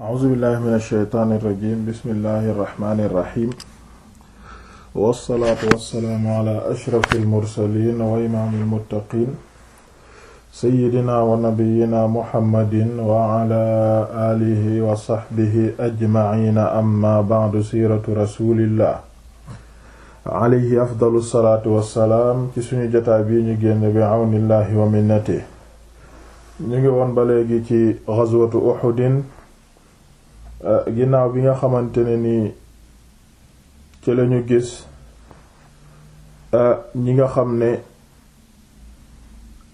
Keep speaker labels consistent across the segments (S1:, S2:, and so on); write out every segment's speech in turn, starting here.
S1: ahusubillahi min alsheytaan irrajim bismillahi irrahmani irrahim wassalaatu wassalaamu ala ashrafi almursalin wa imaami almuttaqin seyidina wa nabiyina muhammadin wa ala alihi wa saxbihi ajmaciina amma bacdu siiratu rasulillah alayhi afdalu salaatu wassalaam ci suñu jotaay bii ñu génn bi awnillahi wa minnatihi ñu ngi woon ba léegi ci gazwatu Uhudin Euh, ginnaaw bi nga xamante ne nii ci lañu gis euh, ñi nga xam ne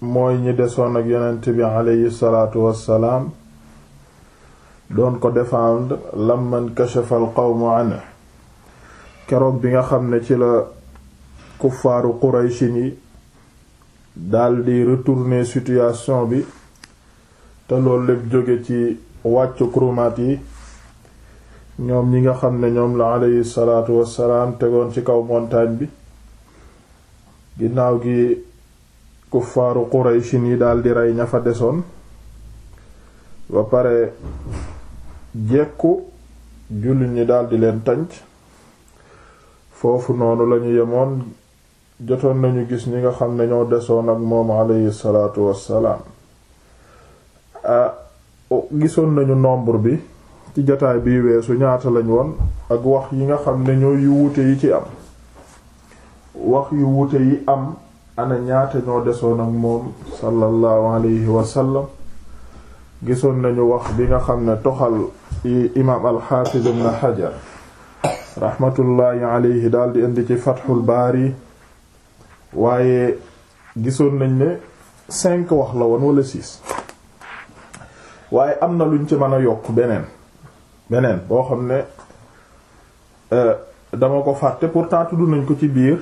S1: mooy ñi desoon ak yonent bi aleyhi salaatu wassalaam doon ko défendre lamman kashafa qawmu anhu keroog bi nga xam ne ci la kuffaaru quraychin yi daldi retourner situation bi te loolu lépp jóge ci wàccu krumaat yi ñoom ñi nga xam ne ñoom la aleyhi salaatu wassalaam tegoon ci kaw montagne bi ginnaaw gi kuffaaru Quraysh yi daldi rey ña fa desoon ba pare jekku jullit ñi daldi leen tànc foofu noonu lañu yemoon jotoon nañu gis ñi nga xam ne ñoo desoon ak moom aleyhi salaatu wassalaam ah oh, gisoon nañu nombre bi ci jataay bii weesu ñaata lañ woon ak wax yi nga xam ne ñooy yu wuute yi ci am wax yu wuute yi am ana ñaata ñoo desoon ak moom sallallahu alayhi wa gisoon nañu wax bi nga xam ne toxal imaam alxaafiz ibn xajar raxmatullaahi alayhi daal di indi ci fatxul baari waaye gisoon nañ ne cinq wax la woon wala six waaye am na luñ ci mën a yokk beneen beneen boo xam ne euh, dama ko fàtte pourtant tudd nañ ko ci biir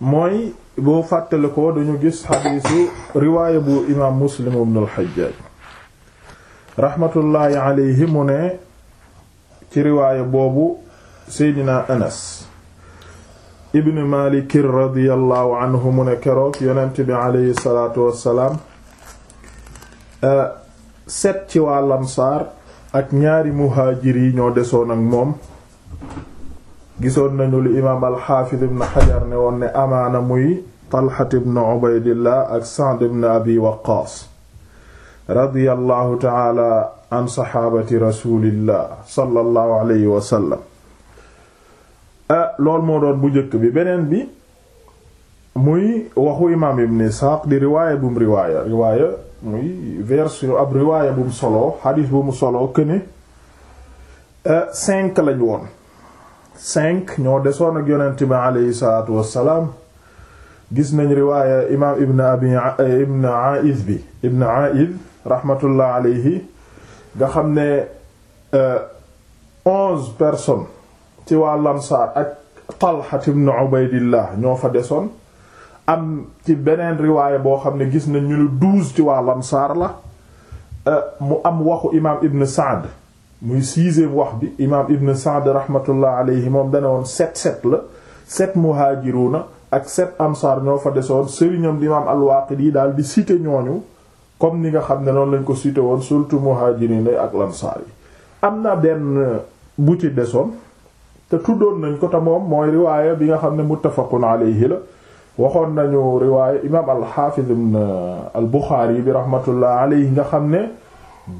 S1: mooy boo fàttale ko dañu gis xadiisu riwaaya bu imaam muslim ibn al-Hajjaj mu ne ci riwaaya boobu seydina anas ibn malik radiyallahu anhu mu ne keroog yonent bi alayhi salaatu wassalaam euh, set ci waa lamsaar ak ñaari muhaajir yi ñoo desoon ak moom gisoon nañu lu imaam alxaafid ibn xajar ne woon ne amaana muy talxat ibn ubaydillah ak sa'd an saxaabati rasulillah sallallahu alayhi wa sallam ah, moo doon bu njëkk bi beneen bi muy waxu imaam ibn Isxaaq di riwaaya bu mu riwaaya riwaaya muy version ab riwaaya bu mu soloo xadiis bu mu euh, cinq lañ woon cinq ñoo desoon ak yonent bi aleyhi gis nañ riwaaya imaam ibn abi euh, ibn Aaiz bi aleyhi nga xam ne euh, onze personnes ci waa Ansaar ak Talha ibn Ubaydillah ñoo fa desoon am ci beneen riwaaya boo xam ne gis nañ ñu ne douze ci waa lamsaar la euh, mu am waxu imaam ibn Saad muy sixième wax bi imaam ibn Saad rahmatullah alayhi moom dana woon sept sept la sept muhaajiruuna ak sept ansaar ñoo fa desoon sëriñam di imaam al yi daal di cité ñooñu comme ni nga xam ne noonu lañ ko cité woon surtout muhaajiriina ak lamsaar yi am na benn bu ci desoon te tuddoon nañ ko te moom mooy riwaaya bi nga xam ne muttafaqun alayhi la waxoon nañu riwaaya imaam alxaafiz ibn albuxaari bi rahmatullah alayhi nga xam ne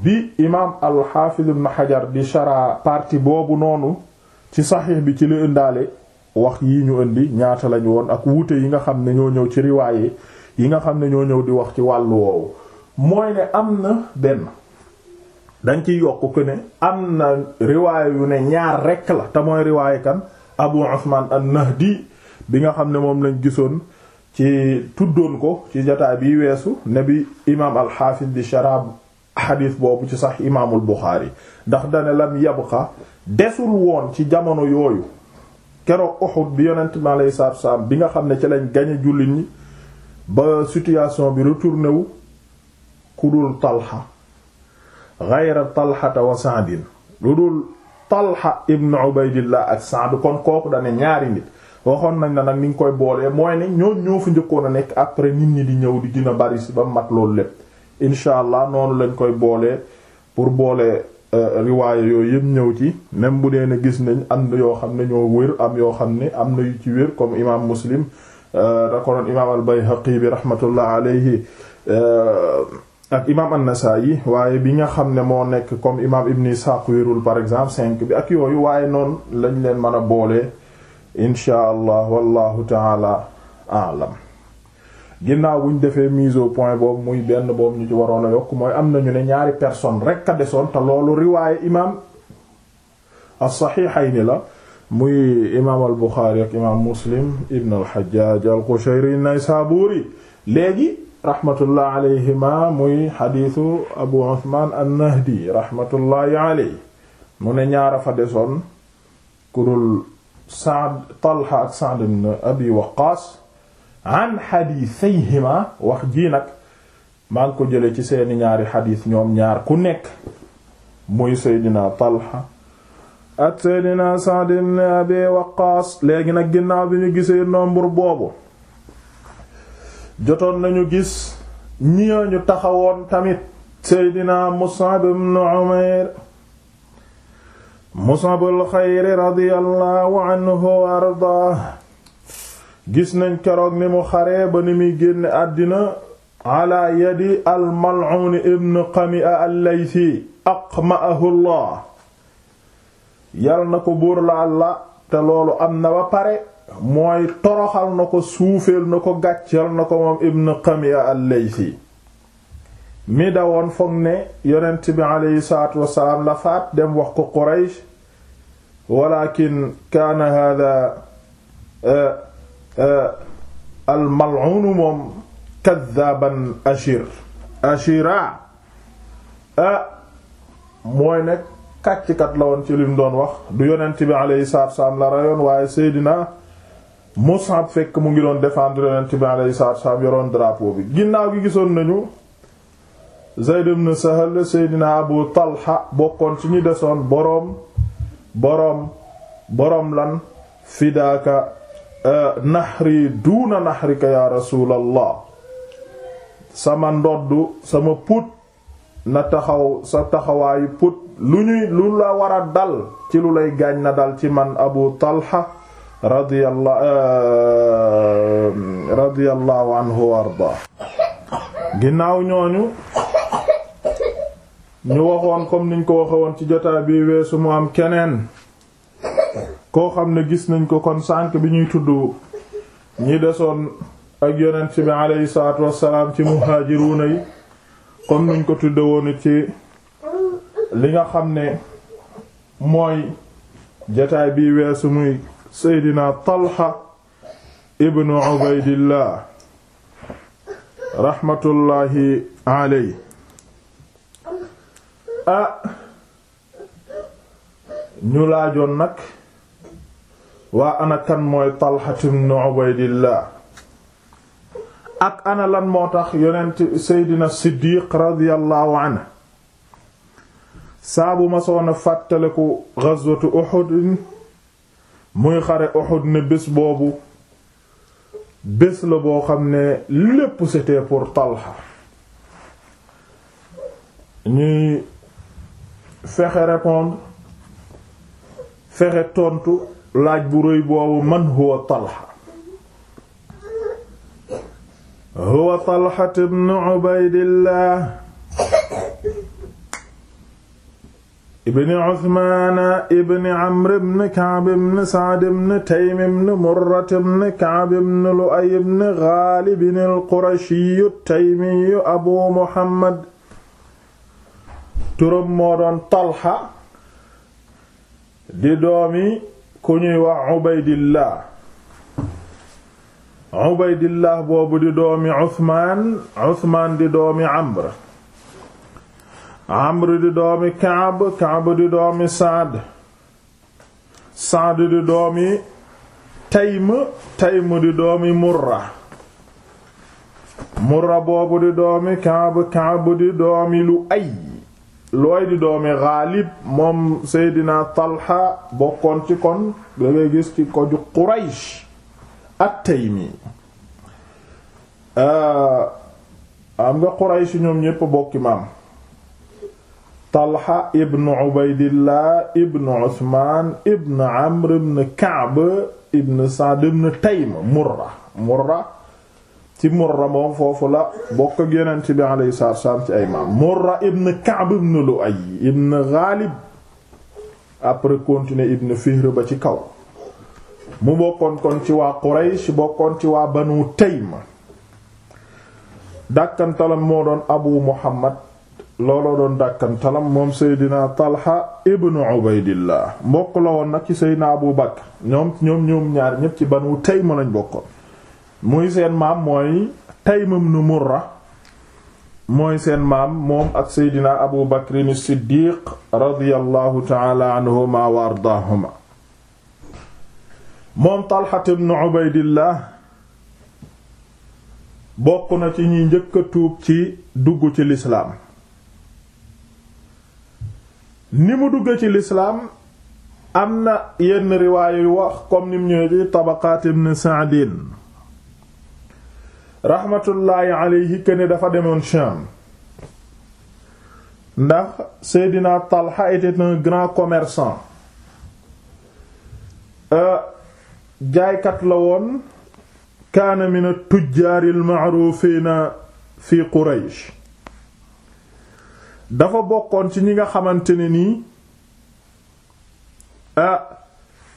S1: bi imaam alxaafiz ibn xajar di shara partie boobu noonu ci saxiix bi ci la indaale wax yi ñu indi ñaata lañu woon ak wuute yi nga xam ne ñoo ñëw ci riwaaye yi nga xam ne ñoo ñëw di wax ci wàllu woowu mooy ne am na benn dañ ci yokk ko ne am na riwaaya yu ne ñaar rekk la te mooy riwaaya kan abu usman an bi nga xam ne moom lañ gisoon ci tuddoon ko ci jataay bi weesu ne bi imaam alxaafis di sharaab xadiis boobu ci sax imaamul Buxaari ndax dane lam yabqa desul woon ci jamono yooyu keroog Uhud bi yonent mi alayhi salaatu wa bi nga xam ne ci lañ gañe jullit ñi ba situation bi retourné ku dul Talha gayra Talhata wa Sa'din lu dul Talha ibn Ubaydillah ak Sa'd kon kooku dane ñaari nit waxoon nañ na nag ni nga koy boolee mooy ne ñooñ ñoo fa njëkkoon a nekk après nit ñi di ñëw di gën a bari si ba mu mat loolu lépp incha allah noonu lañ koy boolee pour boole euh, riwaaya yooyu yëpp ñëw ci même bu dee na gis nañ am na yoo xam ne ñoo wér am yoo xam ne am na yu ci wér comme imaam muslim euh, da ko doon imaam al bayhaqi bi rahmatullah alayhi euh, ak imaam an yi waaye bi nga xam ne moo nekk comme imaam ibn Isaaq wérul par exemple cinq bi ak yooyu waaye noonu lañ leen mën a boolee incha allah wallahu taala alam ginnaaw buñ defee mise au point boobu muy benn boobu ñu ci waroon a yokk mooy am nañu ne ñaari personne rekk a desoon te loolu riwaaye imam as-saxiixayni la muy imaam al buxaari ak imaam muslim ibn al xajjaaj al qushayri naysaabuuri léegi rahmatullah alayhima muy xadiisu abu usmaan an-nahdi rahmatullahi alayhi mu ne ñaara fa desoon kurul Saad Talha ak Saad ibn Abi Waqqas an xadiisayhima wax jii nag maa ngi ko jële ci seeni ñaari xadiis ñoom ñaar ku nekk muy Seydina Talha ak Seydina Saad ibn Abi Waqqas léegi nag ginnaaw bi ñu gisee nombre boobu jotoon nañu gis ñi ñu taxawoon tamit Seydina Mus'ab ibn Umayr musabul xayri radiyallahu anhu ardaah gis nañ keroog ni mu xaree ba ni muy génn àddina ala yadi almal'un ibn qami'a allaysi aqma'ahu llah yal na ko buur la allah te loolu am na ba pare mooy toroxal na ko suufeel na ko gàcceel na ko moom ibn qami'a allaysi mi dawoon foog ne yonent bi aleyhi salaatu wasalaam la faat dem wax ko Quraysh walakin kaana hada uh, uh, al mal'un moom kaddaban ashir ashira uh, mooy nekk kàcckat la woon ci lim doon wax du yonent bi aleyhi salaatu wasalaam la rayoon waaye Seydina Mus'ab fekk mu ngi doon défendre yonent bi aleyhi salaatu wasalaam yoroon drapeau bi ginnaaw gi gisoon nañu Zayd ibn Sahl Seydina Abu Talha bokkoon ci ñu desoon boroom boroom boroom lan fidaaka euh, nahri duuna nahrika ya rasulallah sama ndodd sama put na taxaw sa taxawaayu put lu ñuy lu la war dal ci lu lay gaañ na dal ci man Abu Talha radiyallahu euh, radiyallahu anhu wa arda ginnaaw ñooñu ñu waxoon comme niñ ko waxe woon ci jotaa bi weesu mu am keneen koo xam ne gis nañ ko kon sànk bi ñuy tudd ñi desoon ak yonent bi aleyhi salaatu wassalaam ci muhaajiruuna yi comme niñ ko tudde woon ci li nga xam ne mooy jotaay bi weesu muy seydina Talha ibnu Ubaydillah rahmatullahi aleyhi ah ñu laajoon nag waa ana kan mooy Talha ibn Ubaydillah ak ana lan moo tax yonent Seydina Siddiq radiyallahu anhu saabu ma soona fàttaliku ghazwatu Uhud muy xare Uhud ne bés boobu bés la boo xam ne lépp c'était pour Talha ñuy fexe répondre fexe tontu laaj bu rëy boobu man huwa Talha huwa Talha ibn Ubaydillah ibn Uthman ibn Amr ibn Ka'b ibn Sa'd ibn Taym ibn Murra ibn Ka'b ibn Lu'ay ibn Ghalib al-Qurashi at-Taymi Abu Muhammad turam moo doon Talha di doomi ku ñuy wax Ubaydillah Ubaydillah boobu di doomi Usmaan Usmaan di doomi Amr Amr di doomi Kaab Kaab di doomi Saad Saad di doomi Taym Taym di doomi Murra Murra boobu di doomi Kaab Kaab di doomi Lu'ay looy di doomi Ghalib moom Seydina Talha bokkoon ci kon da ngay gis ci ko ju Quraysh at-Taymi am nga Quraysh ñoom ñépp bokki maam Talha ibn Ubaydillah ibn Uthman ibn Amr ibn Ka'b ibn Sa'd ibn Taym Murra ci Murra moom foofu la bokk ak Yonent bi alayhi salaatu ci ay maam Murra ibn Ka'b ibn Lu'ay ibn Ghalib après continuer ibn Fihr ba ci kaw mu bokkoon kon ci waa Quraysh bokkoon ci waa Banu Taym dàkkantalam moo doon Abu Muhammad looloo doon dàkkantalam moom Seydina Talha ibn Ubaydillah mbokk la woon nag ci Seydina Abu Bakr ñoom ñoom ñoom ñaar ñépp ci Banu Taym lañ bokkoon muy seen maam mooy Taym Murra mooy seen maam moom ak seydina abu bakrin siddiq radiyallahu taala wa ardaahuma moom talxat ubaydillah bokk na ci ñi njëkk tuub ci dugg ci lislaam ni mu dugg ci lislaam am na yenn riwaaya wax comme ni mu ñëwee ci tabaqaat ibn raxmatullaahi alayhi këne dafa demoon Sham ndax Seydina Talha était un grand commerçant euh, jaaykat la woon kaana min at-tujjaari al-ma'ruufiina fi Quraysh dafa bokkoon ci ñi nga xamante ne nii ah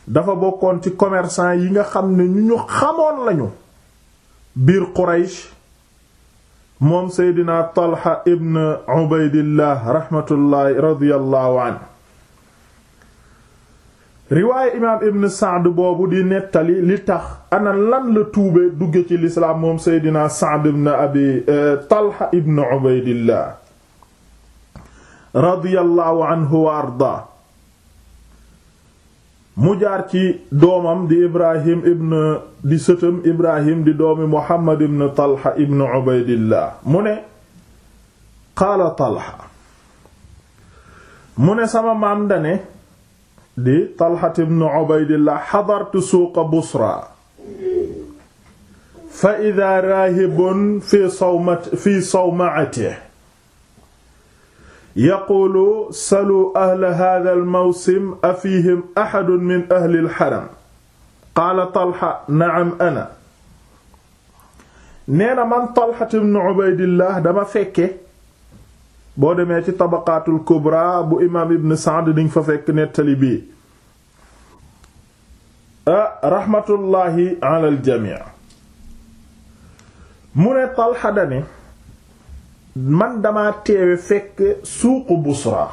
S1: dafa bokkoon ci commerçant yi nga xam ne ñu ñu xamoon lañu biir Quraysh moom Seydina Talha ibn Ubaydillah raxmatullaahi radiyallaahu anhu riwaaye imaam ibn Saad boobu di nettali li tax ana lan la tuubee dugge ci lislaam moom Seydina Saad ibn Abi eh, Talha ibn Ubaydillah radiyallaahu anhu wa ardaa mu jaar ci doomam di ibrahim ibn di sëtam ibrahim di doomi muhammad ibn talha ibn ubaydillah mu ne qaala talha mu ne sama maam dane di talha ibn ubaydillah xadartu suuqa busra fa ida raahibun fi sawmat fi sawmaatihi yaqulu salu ahla hada almawsim afihim axadun min ahli alxaram qaala talxa naam ana nee man talxat ibn ubaydillah dama fekke boo demee ci tabaqaatul kubra bu imaam ibn saad diñ fa fekk nettali bii raxmatullaahi ala aljamii mu ne talxa man dama teewe fekk suuqu Busra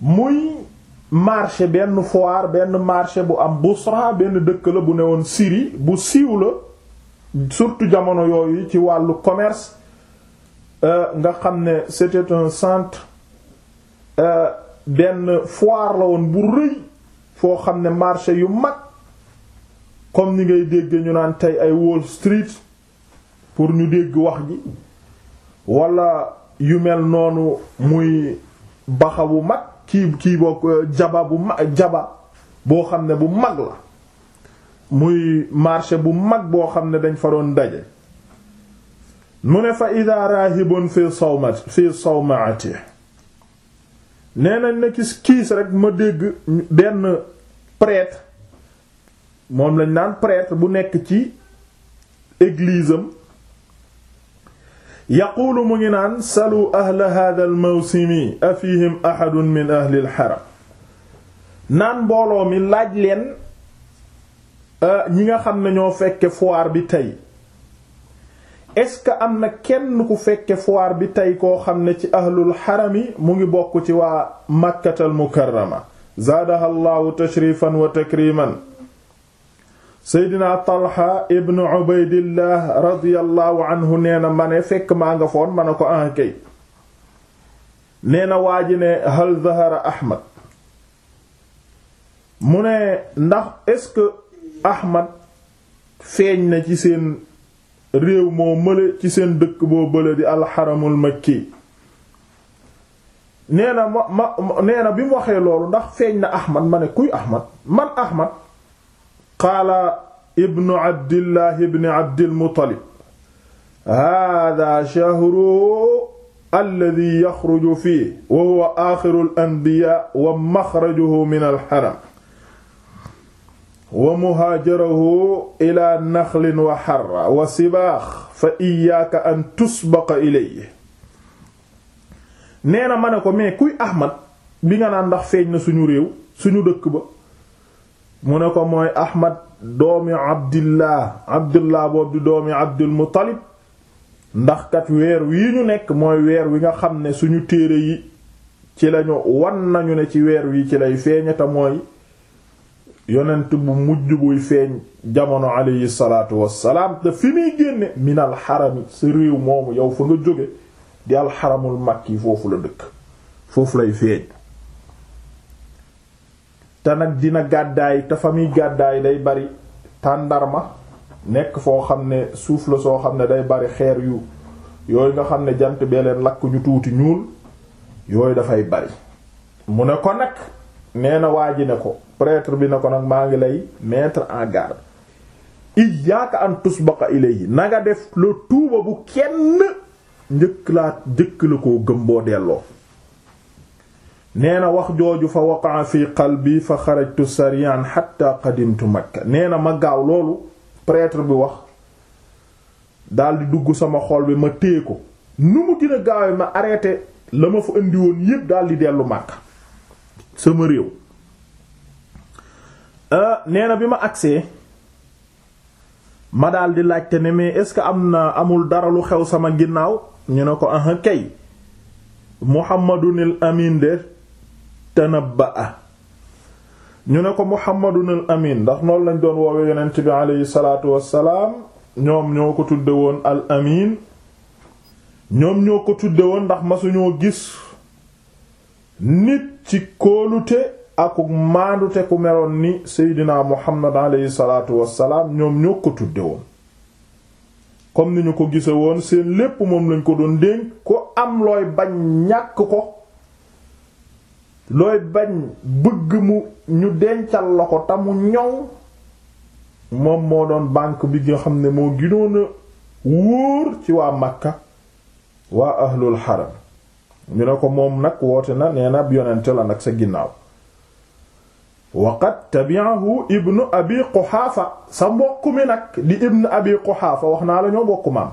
S1: muy marché benn foire benn marché bu am Busra benn dëkk la bu newoon Syrie bu siiw la surtout jamono yooyu ci wàllu commerce euh, nga xam ne c'était un centre euh, benn foire la woon bu rëy foo xam ne marché yu mag comme ni ngay dégg ñu naan tey ay Wall Street pour ñu dégg wax ji wala yu mel noonu muy baxawu mag kii kii bokk jaba bu ma jaba boo xam ne bu mag la muy marché bu mag boo xam ne dañ fa doon daje mu ne fa ida raahibun fi sow fi sawmaati nee nañ na kis kiis rek ma dégg benn prêtre moom lañ naan prêtre bu nekk ci église yaquulu mu ngi naan salu ahla hada almawsimi afihim ahadun min ahli alxaram naan mbooloo mi laaj leen euh, ñi nga xam ne ñoo fekke foire bi tey est-ce que am na kenn ku fekke foire bi tey koo xam ne ci ahlul xarami mu ngi bokk ci waa makkatal mukarrama zaadaha allahu tashrifan wa takriman seydina talha ibnu ubaydillah radiallahu anhu nee na ma ne fekk maa nga foon ma ne ko ankay ah, nee na waa ji ne hal zahara ahmad mu ne ndax est-ce que ahmad feeñ na ci seen réew moo mële ci seen dëkk boo bële di alxaramul makki nee ma ma nee na bi mu waxee loolu ndax feeñ na ahmad ma ne kuy ahmad man ahmad qaala ibnu abdillahi ibni abdilmutalib hada shahru alladi yaxruju fii wa huwa axiru alanbiya wa maxrajuhu min alxaram wa muhaajarahu ila naxlin wa xarra wa sibaax fa iyaaka an tusbaqa ilayhi nee na ma ne ko mais kuy ahmad bi nga naan ndax feeñ na suñu réew suñu dëkk ba mu ne ko mooy ahmad doomi abdillah abdillah boobu di doomi abdul muttalib ndax kat weer wii ñu nekk mooy weer wi nga xam ne suñu téere yi ci lañu wan nañu ne ci weer wii ci lay feeñata mooy yonent bu mujj buy feeñ jamono aleyhi salaatu wassalaam te fi muy génne min alxarami sa réew moomu yow fa nga jóge di alxaramul makki foofu la dëkk foofu lay feeñ te nag dina gàddaay te fa muy gàddaay day bari tàndarma nekk foo xam ne suuf la soo xam ne day bari xeer yu yooyu nga xam ne jant bee leen lakk ñu tuuti ñuul yooyu dafay bari mu ne ko nag nee na waa ji ne ko prêtre bi ne ko nag maa ngi lay mettre en garde iyyaka an tusbaqa ilayhi na nga def le tuuba bu kenn njëkk laa njëkk la koo gëm boo delloo nee na wax jooju fa waqaa fi qalbi fa xarajtu sarian xatta qadimtu makka nee na ma gaaw loolu prêtre bi wax daldi dugg sama xol bi ma téye ko nu mu gën gaawe ma arrêté la ma fa indi woon yépp di dellu makka sama réew euh, neena bi ma agsee ma daldi laajte ne mais est-ce que am na amul dara lu xew sama ginnaaw ñu ne ko aha kay Muhammadunil Amin de tanabba'a ñu ne ko muhammadunal amiin ndax noonu lañ doon woowe yonent bi aleyhi salaatu wassalaam ñoom ñoo ko tudde woon al amin ñoom ñoo ko tudde woon ndax masuñoo gis nit ci kóolute akuk maandute ku meloon ni seydinaa muhammad aleyhi salaatu wassalaam ñoom ñoo ko tudde woon comme ni ñu ko gise woon seen lépp moom lañ ko doon dénk ko am looy bañ ñàkk ko looy bañ bëgg mu ñu dencal la ko te mu moom moo doon banque bi gi xam ne moo gënoon a wóor ci waa Makka waa ahlul haram ñu ne ko moom nag woote na nee na la nag sa ginnaaw wa qad tabi'ahu ibnu abi quxaafa sa mbokk mi nag di ibnu abi quxaafa wax naa lañoo ñoo maam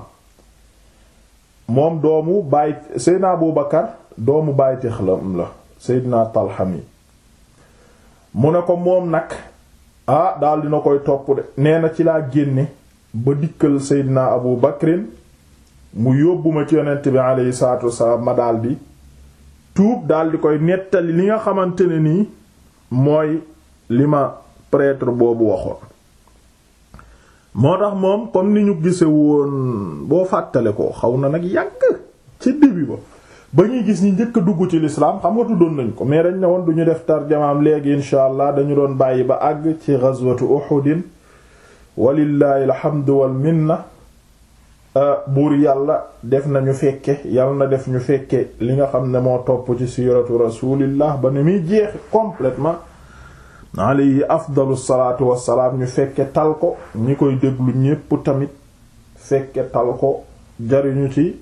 S1: moom doomu baay Seydina Abu Bakar doomu baay téxlam la Seydina Talha mi mu ne ko moom nag ah daldi na koy topp de nee na ci laa génne ba dikkal Seydina Abu Bakrin mu yóbbuma ma ci yonent bi aleyhi salaatu wasalaam ma daldi tuub daldi koy nettali li nga xamante ne nii mooy li ma prêtre boobu waxoon moo tax moom comme ni ñu gise woon boo fàttale ko xaw na nag yàgg ci début ba ba ñuy gis ñi njëkk a dugg ci lislaam xam nga tuddoon nañ ko mais dañ ne woon duñu def tarjamaam léegi insha allah dañu doon bàyyi ba àgg ci ghazwatu uhudin walillahi alhamdu wal minna euh, buur yàlla def nañu fekke yàlla na def ñu fekke li nga xam ne moo topp ci siiratu rasulillah ba ni muy jeex complètement alayhi afdalu salaatu wa wassalaam ñu fekke tal ko ñi koy déglu ñépp tamit fekke tal ko jariñu ci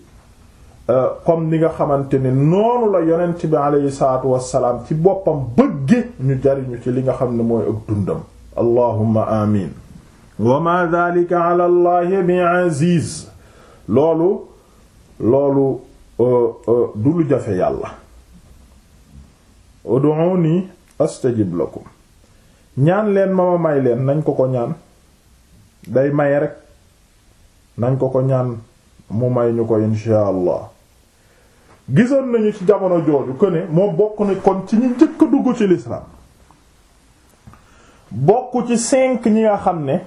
S1: comme ni nga xamante ni noonu la yonent bi aleyhi salaatu wassalaam ci boppam bëgge ñu jariñu ci li nga xam ne mooy ak dundam allahumma amin wa ma dhalika ala aziz loolu loolu euh, euh, du lu jafe yàlla ud'uni astajib lakum ñaan leen ma ma may leen nañ ko ko ñaan day may rek nañ ko ko ñaan mu may ñu ko inshaa allah gisoon nañu ci jamono jooju que ne moom bokk na kon ci ñi njëkk a dugg ci l'islam bokk ci cinq ñi nga xam ne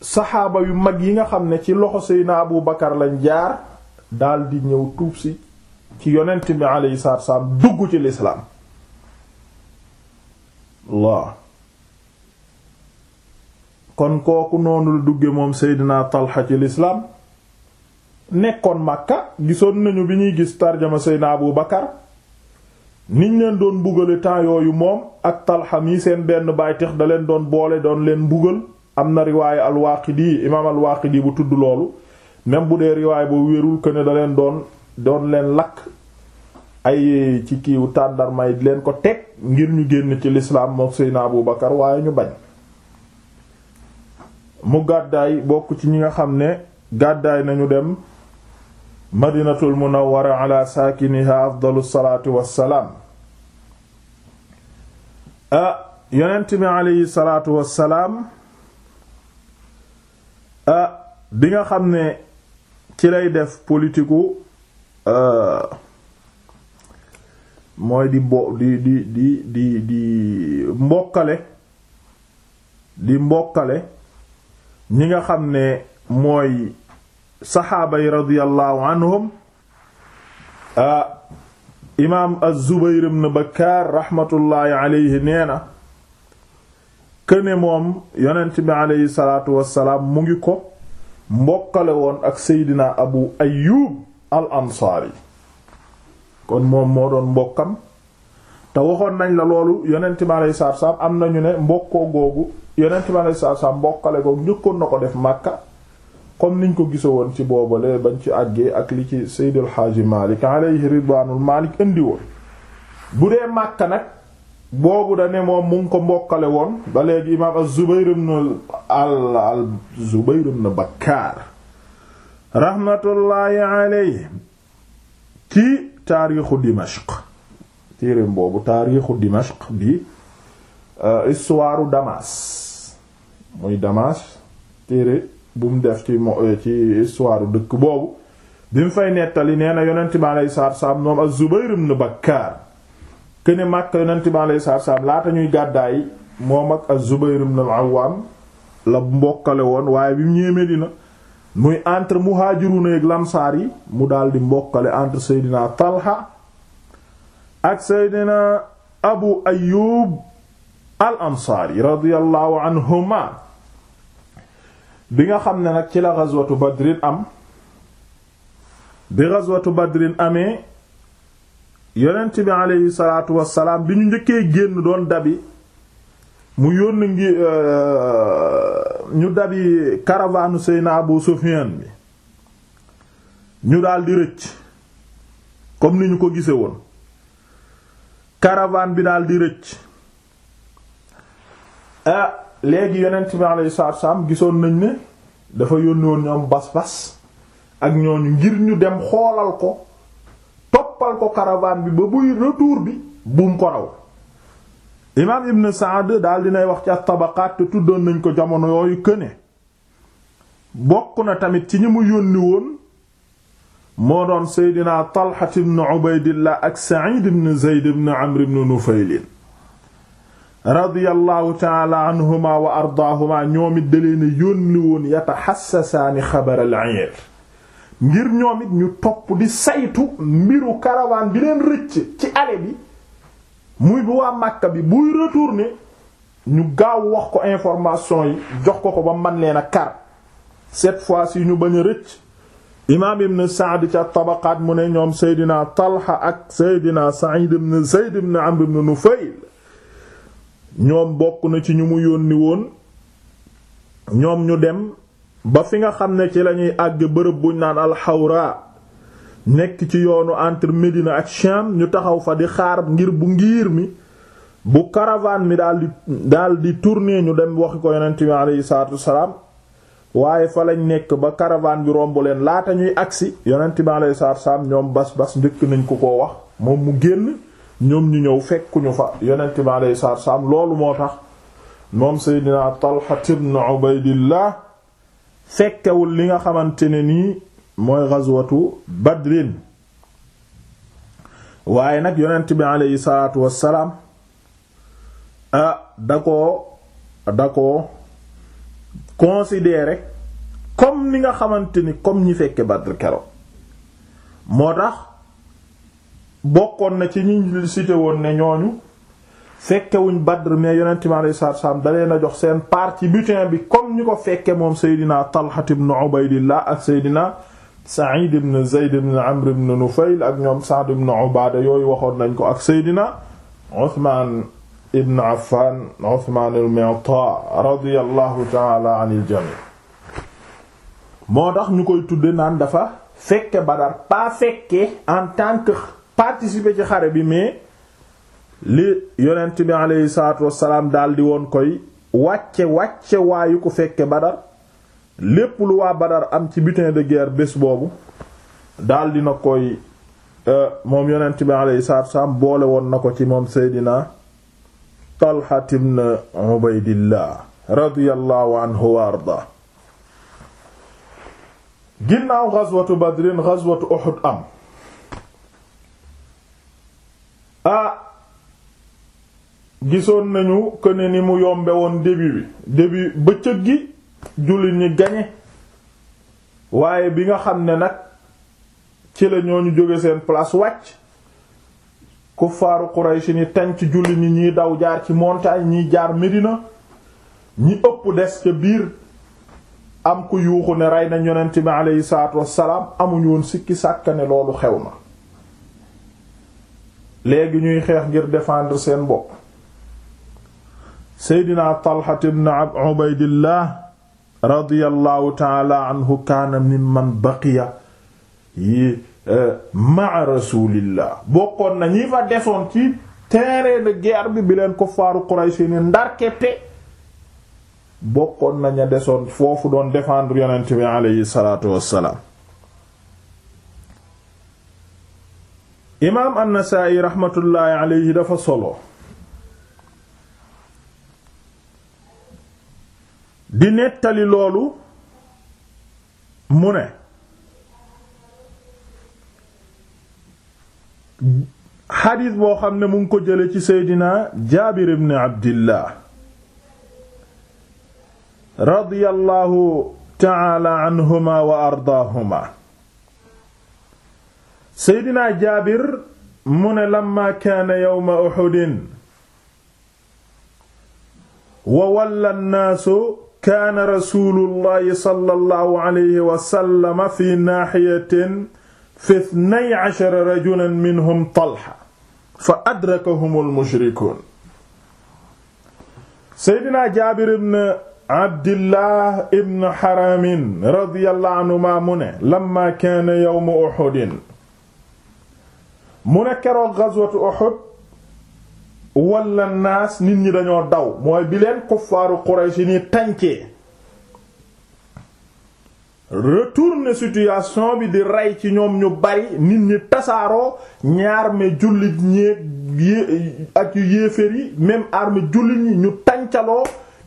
S1: saxaaba yu mag yi nga xam ne ci loxo Seydina Abu Bakar lañ jaar dal di ñëw tuub si ci yonent bi alayhi salaatu wassalaam dugg ci l'islam waaw kon kooku noonu la dugge moom Seydina Talha ci lislaam nekkoon Makka gisoon nañu bi ñuy gis tarjama Seydina bu Bakar niñ leen doon bugale temps yooyu moom ak Talha yi seen benn baytix da doon boole doon leen bugal am na riwaaya al-Waaqidi imaam bu tudd loolu même bu dee riwaay boo wérul que ne daleen doon doon leen lakk ay ci kiiwu tàndarmay leen ko teg ngir ñu génn ci lislaam moom Seydina Abu Bakar waaye ñu bañ mu gàddaay bokk ci ñi nga xam ne gàddaay nañu dem madinatul munawwara ala saakiniha afdalu salaatu wassalaam a yonent bi aleyhi salaatu wassalaam bi nga xam ne ci lay def politiku mooy di bo di di di di di mbokkale di mbokkale ñi nga xam ne mooy saxaaba yi radiyallahu anhum imaam az-Zubayr ibn Bakkaar raxmatullaahi alayhi nee na këne moom yonent bi alayhi salaatu wassalaam mu ngi ko mbokkale woon ak seydina Abu Ayyub al ansaari kon moom moo doon mbokkam te waxoon nañ la loolu yonent bi alayhi salaatu wassalaam am ñu ne mbokkoo googu yonent bi alayhi salaatu wassalaam mbokkale googu njëkkoon na ko def Makka comme niñ ko gisa woon ci boobale bañ ci àggee ak li ci Seydil Hadji Malick alayhi ridwaanul Malick indi woon bu dee Makka nag boobu da ne moom mu ngi ko mbokkale woon ba léegi imaam az-Zubayr ibn al Zubayr ibn Bakkaar rahmatullaahi alayhi ci taarixu Dimashq téereem boobu taarixu Dimashq bi euh, histoire Damas muy Damas téere bu mu def ci mo eh, ci histoire dëkk boobu bi mu fay nettali nee na yonent bi alayhi salaatu moom az-Zubayr ibn Bakkaar këne Makka yonent bi alayhi salaatu salaam laata ñuy gàddaay moom ak az-Zubayr ibn al la mbokkale woon waaye bi mu ñëwee Medina muy entre muhaajiruuna ak lamsaar yi mu daldi mbokkale entre Seydina Talha ak Seydina Abu Ayyub al-Ansaari radiyallahu anhuma bi nga xam ne nag ci la ghazwatu badrin am bi ghazwatu badrin amee yonent bi aleyhi salaatu wassalaam bi ñu njëkkee génn doon dabi mu yónn ngi euh, ñu dabi caravane seyna Abu Sufyan bi ñu daldi rëcc comme ni ñu ko gise woon caravane bi di rëcc euh, léegi yonent bi alayhi salaatu salaam gisoon nañ ne dafa yónni woon ñoom bas-bas ak ñooñu ngir ñu dem xoolal ko toppal ko caravane bi ba buy retour bi buum ko raw imaam ibn Saad daal dinay wax ci at-Tabaqaat te tuddoon nañ ko jamono yooyu këne bokk na tamit ci ñi mu yónni moo doon Seydina Talha ibn Ubaydillah ak Sa'id ibn Zayd ibn Amr ibn Nufaylin radiyallahu taala wa ardaahuma ñoom it dalee na woon yataxassasaani xabaral ayir ngir ñoom it ñu topp di saytu mbiru caravane bi leen rëcc ci ale bi muy bu waa Makka bi buy retourner ñu gaaw wax ko information yi jox ko ko ba man leen a kar cette fois yi ñu bañ a rëcc imaam ibn Sa'd ca tabaqaat mu ne ñoom Seydina Talha ak Seydina Sa'id ibn Zayd ibn Amr ibn Nufayl ñoom bokk na ci ñu mu yónni woon ñoom ñu dem ba fi nga xam ne ci lañuy àgg bërëb buñ naan alxawra nekk ci yoonu entre Médina ak Sham ñu taxaw fa di xaar ngir bu ngiir mi bu caravane mi daal di daal ñu dem waxi ko yonent bi aleyhi salaatu waaye fa lañ nekk ba caravane bi romb leen laata ñuy agsi yonent bi aleyhi salaatu wasalaam ñoom bas bas njëkk nañ ko koo wax moom mu génn ñoom ñu ñëw fekkuñu fa yonent bi alayhi salaatu salaam loolu moo tax moom Seydina Talha ibn Ubaydillah fekkewul li nga xamante ne nii mooy ghazwatu Badrin waaye nag yonent bi alayhi salaatu wassalaam ah da koo da koo considéré comme ni nga xamante ni comme ñi fekke Badr kero moo tax bokkoon na ci ñi cité woon ne ñooñu fekkewuñ Badr mais yonent mi alayhi salaatu salaam dalee na jox seen part ci butin bi comme ñu ko fekke moom Seydina Talha ibn Ubaydillah ak Seydina Sa'id ibn Zayd ibn Amr ibn Nufayl ak ñoom Sa'd ibn Ubaada yooyu waxoon nañ ko ak Seydina Uthman ibn Affan Uthman al-Mu'ta radiyallahu moo tax ñu koy tudde naan dafa fekke Badar pas fekke en tant participer ci xare bi mais li yonent bi aleyhi salaatu wassalaam daldi woon koy wàcce wàcce waayu ko fekke Badar lépp lu waa Badar am ci butin de guerre bés boobu daldi na koy euh, moom yonent bi aleyhi salaatu wassalaam boole woon na ko ci moom Seydina Talha ibn Ubaydillah radiyallahu anhu wa arda ginnaaw ghazwatu Badrin ghazwatu Uhud am ah gisoon nañu ko ne ni mu yombe woon début bi début gi jullit ñi gañe waaye bi nga xam ne nag ci la ñoo ñu jóge seen place wàcc kuffaaru Quraysh ni tànc jullit ñi ñiy daw jaar ci montagne ñiy jaar Médina ñi ëpp des ca biir am ku yuuxu ne rey na yonent bi aleyhi salaatu wassalaam amuñ woon sikki sàkkane loolu xew na léegi ñuy xeex ngir défendre seen bopp seydina talhat ibn ubaydillah radiyallahu taala anhu kaana mimman baqiya yi e, ma'a rasulillah bokkoon na ñi fa desoon ci terrain de guerre bi bi leen kuffaaru Quraysh ni ndar keppe bokkoon na ña desoon foofu doon défendre yonent bi alayhi salaatu wassalaam imaam an-Nasaa'i raxmatullaahi alayhi dafa solo di nettali loolu mu ne xadiis boo xam ne mu ngi ko jële ci seydina Jaabir ibn Abdillah radiyallaahu ta'aala anhumaa wa ardaahumaa seydinaa jaabir mu ne lamma kaana yawma uxudin wa walla nnaasu kaana rasuulullahi sallallahu alayhi wa sallam fi naaxiyatin fi ithnay ashara rajulan minhum talxa fa adrakahum almushrikuun seydinaa jaabir ibn abdillah ibn xaramin radiyallahu anhuma mu ne lamma kaana yawma uxudin mu ne keroog ghazwatu Uhud wala naas nit ñi dañoo daw mooy bileen leen kuffaaru Quraysh ni tàncee retourner situation bi di rey ci ñoom ñu bari nit ñi tasaaroo ñaar me jullit ñeeg ak yu yéeféer yi même arme jullit ñu tàncaloo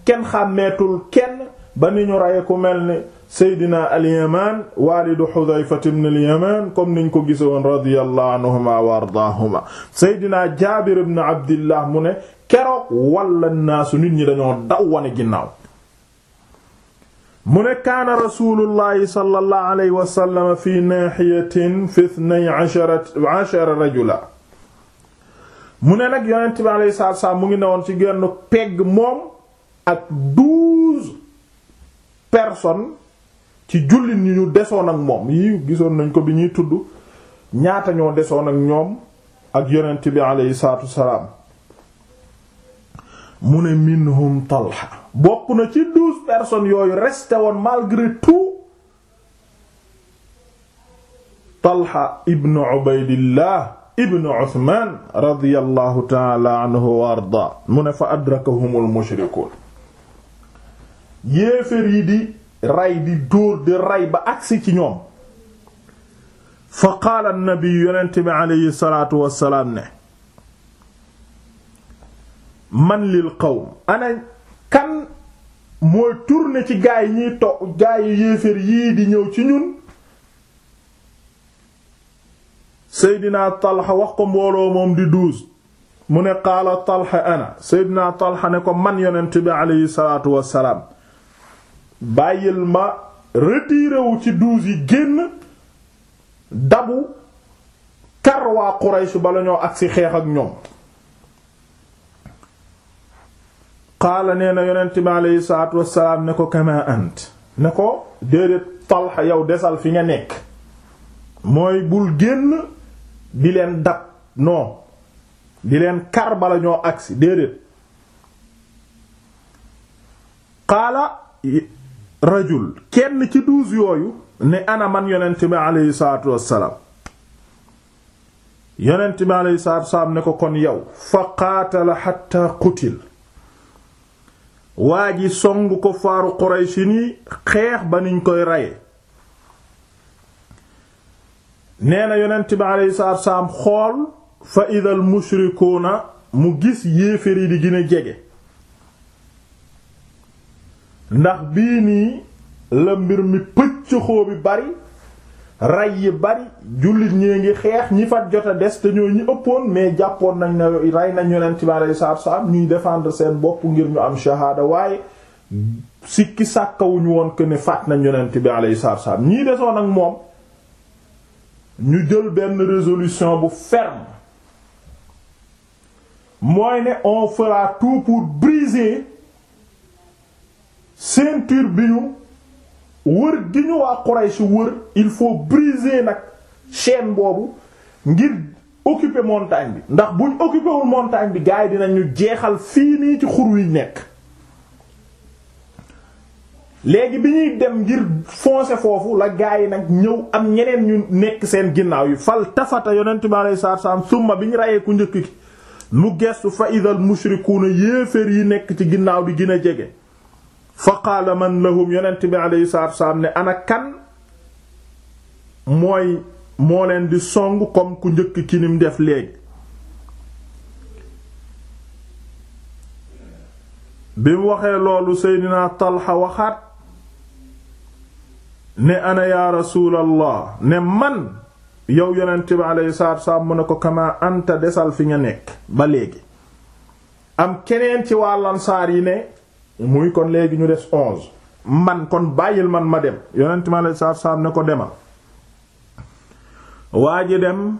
S1: kenn xàmmeetul kenn ba ni ñu rey ku mel ni seydina alyamaan waalidu xudayfati bn alyamaan comme niñ ko gise woon radiyallahu anhuma wa ardaahuma seydina jaabir bn abdillah mu ne keroog walla naasu nit ñi dañoo daw wane ginnaaw mu ne kaana rasuulullahi sallallahu alayhi wa fi naaxiyatin fi ithnay ashara mu ne nag yonent bi alayhi salaatu salaam mu ngi newoon ci genn pegg moom ak douze personnes ci jullit ñi ñu desoon ak moom yi gisoon nañ ko bi ñuy tudd ñaata ñoo desoon ak ñoom ak yonent bi aleyhi salaatu mu ne minhum Talha bokk na ci douze personnes yooyu resté woon malgré tout Talha ibn Ubaydillah ibn Uthman radiyallahu ta'ala anhu mu ne fa adrakahumul mushrikuun yéeféer yi di ray di dóor di ray ba agsi ci ñoom fa qaala nabi yonent bi aleyhi salaatu wassalaam ne man lil qawm ana kan mooy tourner ci gaay yi ñuy to gaay yi yéeféer yii di ñëw ci ñun seydinaa talxa wax ko mbooloo moom di douze mu ne qaala talxa ana seydinaa talxa ne ko man yonent bi aleyhi salaatu wassalaam bàyyil ma retiré ci douze yi génn dabu kar waa Quraysh bala ñoo agsi xeex ak ñoom qaala nee na yonent bi aleyhi salaatu wassalaam ne ko kama ant ne ko déedéet Talha yow desal fi nga nekk mooy bul génn di leen dab non di leen kar bala ñoo agsi déedéet qaala rajul kenn ci douze yooyu ne ana man yonent bi aleyhi salaatu wassalaam yonent bi aleyhi salaatu wassalaam ne ko kon yow fa qaatala xatta qutil waa ji song ko faaru Qurayshi ni xeex ba nuñ koy reye nee na yonent bi aleyhi salaatu xool fa idal mushrikuuna mu gis yéeféri di gën jege ndax bii nii la mbir mi pëcc xoo bi bari ray yi bari jullit ñee ngi xeex ñi fat jot a des te ñoo ñi ëppoon mais jàppoon nañ ne rey nañ yonent bi alayhi salaatu salaam ñuy défendre seen bopp ngir ñu am shahada waaye sikki sàkkawuñu woon que ne faat nañ yonent bi alayhi salaatu salaam ñii desoon ak moom ñu jël benn résolution bu ferme mooy ne on fera pour briser ceinture bi ñu wër gi ñu waa Quraysh wër il faut briser nag chaîne boobu ngir occuper montagne bi ndax buñ occuper wul montagne bi gars yi dinañu jeexal fii nii ci xur wi nekk léegi bi ñuy dem ngir foncer foofu la gars yi nag ñëw am ñeneen ñu nekk seen ginnaaw yi fal tafata yonent bi alayhi salaatu salaam summa bi ñu rayee ku njëkk ki mu gestu fa idal mushrikuuna yéeféer yi nekk ci ginnaaw di gën a jege fa qaala man lahum yonent bi alayhi salaatu wasalaam ne ana kan mooy moo leen di song kom ku njëkk ki nim def léegi bi mu waxee loolu seydinaa Talha waxaat ne ana yaa rasuulallah ne man yow yonent bi alayhi salaatu wasalaam mu ne ko kamaa anta desal fi nga nekk ba léegi am keneen ci wàllansaar yi ne muy kon léegi ñu des onze man kon bàyyil man ma dem yonent ma aleyhi salaatu salaam ne ko demal waa ji dem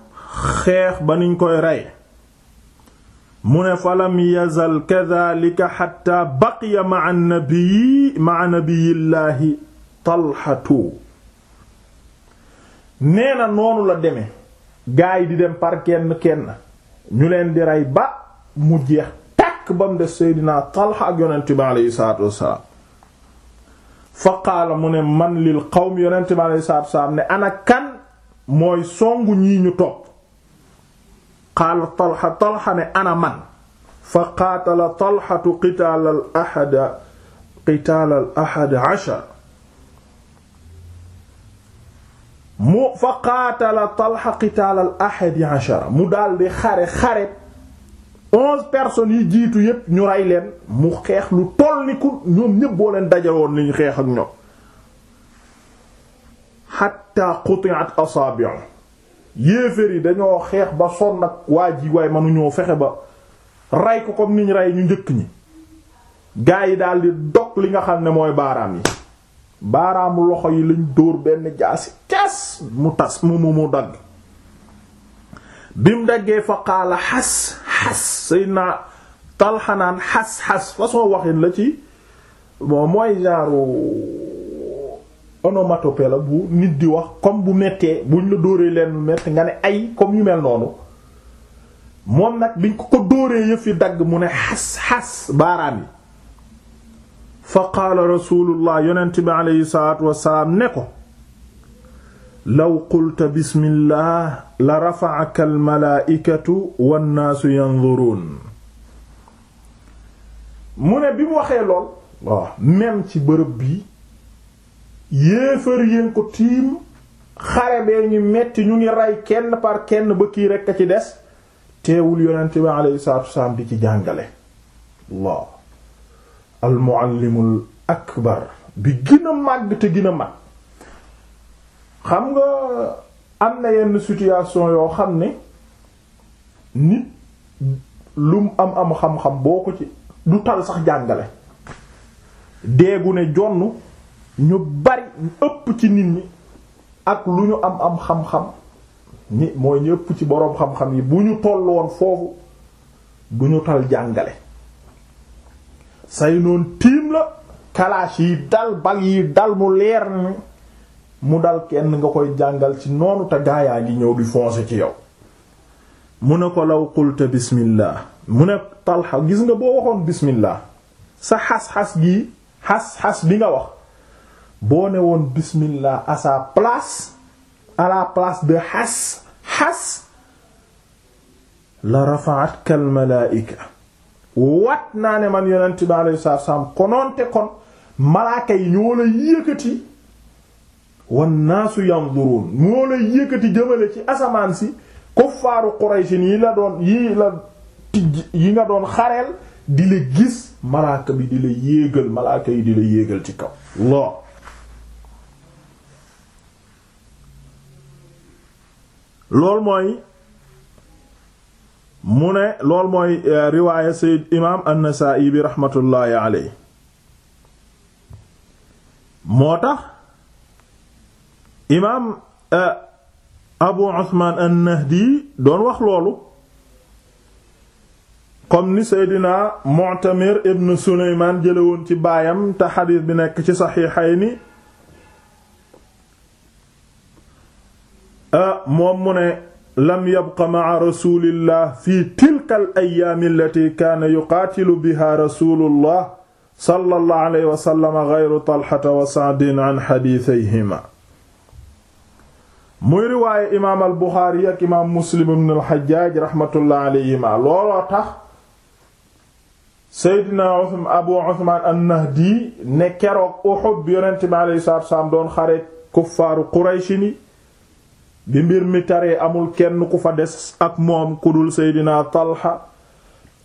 S1: xeex ba niñ koy rey mu ne falam yazal kadhalika hatta baqiya ma'a nabii ma'a nabiyillaahi talxatu nee na noonu la deme gaay di dem par kenn kenn ñu leen di rey ba mu jeex ñàkk ba mu def seydinaa Talha ak yonent bi aleyhi salaatu wassalaam fa qaala mu ne man lil qawm yonent bi aleyhi salaatu ne ana kan mooy songu ñii ñu topp qaala Talha Talha ne ana man fa qaatala Talhatu qitaalal ahada qitaalal mu fa qaatala daldi xare xare onze personnes yi jiitu yépp ñu rey leen mu xeex lu toll ni ku ñoom ñépp leen dajaloon li ñu xeex ak ñoom hatta quti'at asabi'u yéeféer yi dañoo xeex ba sonn ak waa ji waaye mënuñoo fexe ba rey ko comme niñ rey ñu njëkk ñi gaa yi daal di dog li nga xam ne mooy baaraam yi baaraamu loxo yi lañ dóor benn jaasi cas mu tas mu mu mu dagg bim daggee fa qaala xas xas Seydina Talha naan xas-xas façon waxin la ci bon mooy genre euh, onomatopée bu nit di wax comme bu mettee buñ la dóoree leen lu mett nga ne ay comme yu mel noonu moom nag biñ ko ko dóoree yëf yi dagg mu ne xas-xas baaraam yi fa qaala rasulullah yonent bi aleyhi salatu wasalaam ne ko law qulta bismillah la rafa'aka almalaaikatu wannaasu yanzuruun mu ne bi mu waxee lool waaw ci bërëb bi yéefar yéen ko tiim xare bee ñu metti ñu ngi rey kenn par kenn ba kii rekk a ci des teewul yonent bi alayhi salaatu wasalaam di ci jàngale waaw al akbar bi gën a te gën mag xam nga am na yenn situation yoo xam ne nit lu am am xam-xam boo ko ci du tal sax jàngale deegu ne jonn ñu bari ëpp ci nit ñi ak lu ñu am am xam-xam ni mooy ñu ëpp ci boroom xam-xam yi bu ñu toll woon foofu du ñu tal jàngale say noon tiim la kalaas yi dal bal yi dal mu leer ni mu dal kenn nga koy jàngal ci noonu te gaayaa gi ñëw di foncer ci yow mu ne ko law qulta bismillah mu ne talxa gis nga boo waxoon bismillah sa xas-xas gi xas-xas bi nga wax boo ne woon bismillah à sa place à la place de xas xas la rafa'atka al wat naa ne man yonent bi alayhi salaam konoonte kon malaaka yi ñoo la yëkkati wan naasu yanzurun moo lay yëkkati jëmale ci asamaan si kuffaaru Qurayshin yi la doon yi la tijj yi nga doon xareel di la gis malaaka bi di la yéegal malaaka yi di la yéegal ci kaw lool loolu mooy mu ne loolu mooy eh, riwaaya sayyid imaam an-Nasaa'i bi raxmatullaahi alayhi moo tax imaam eh, abu usman an-nahdi doon wax loolu comme ni seydina mu'tamir ibn suleymaan jële woon ci baayam te xadiis bi nekk ci saxiixayni eh, moom mu ne lam yabqa ma'a rasulillah fi tilka al ayyaam allati kaana yuqaatilu biha rasulullah sallallahu alayhi wa sallam ghayru talhata wa sa'din an hadiithayhima muy riwaaye imaam al buxaari ak imaam muslim ibn al xajjaaj raxmatullah looloo tax seydina abu usmaan an nahdi ne keroog uxud bi yonent bi alayhi salaatu doon xare kuffaaru qurayshi bi mbir mi taree amul kenn ku fa des ak moom ku seydina talxa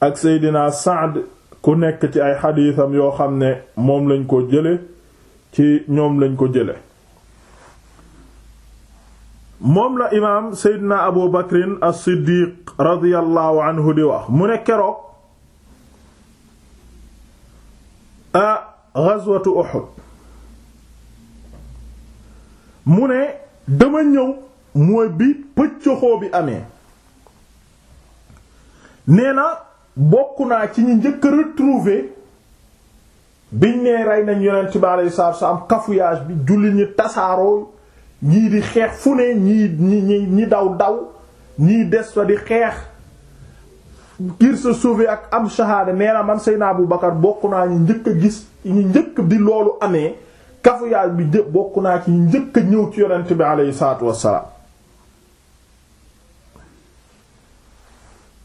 S1: ak seydina saad ku nekk ci ay xadiisam yoo xam ne moom lañ ko jële ci ñoom lañ ko jële moom la imaam Seydina Abu Bakrin as-Siddiq di wax mu ne keroog a ghazwatu Uhud mu ne dama ñëw mooy bi pëccëxoo bi amee nee na bokk naa ci ñi njëkk a retrouver biñ nee rey nañ yonent bi alayhi salaatu wa salaam bi julli ñi tasaaroo ñii di xeex fu ne ñii ñi ñi daw daw ñii des fa di xeex ngir sa sauver ak am shahada nee na man Seydina Abu Bakar bokk naa ñu njëkk a gis ñu njëkk bi loolu amee kafuyaal bi bokk naa ci ñu njëkk ñëw ci yonent bi aleyhi salaatu wassalaam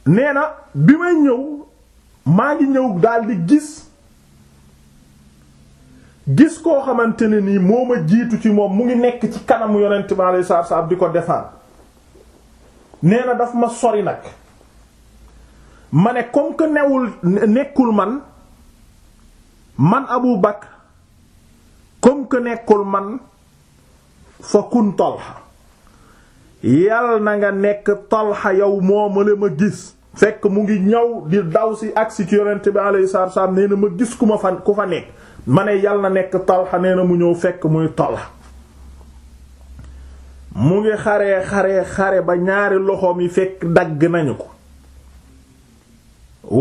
S1: nee na bi may ñëw maa ngi ñëw daldi gis gis koo xamante ne nii moo ma jiitu ci moom mu ngi nekk ci kanamu yonent bi alayhi salaatu salaam di ko defaan nee na daf ma sori nag ma ne comme que newul nekkul man man Abu Bakr comme que nekkul man fa kun Talha yal na nga nekk Talha yow moo ma le ma gis fekk mu ngi ñëw di daw si agsi ci yonent bi alayhi salaatu salaam nee na ma gis ku ma fa ku fa nekk ma ne yal na nekk talxa nee na mu ñëw fekk muy talxa mu ngi xaree xaree xare ba ñaari loxoom yi fekk dagg nañu ko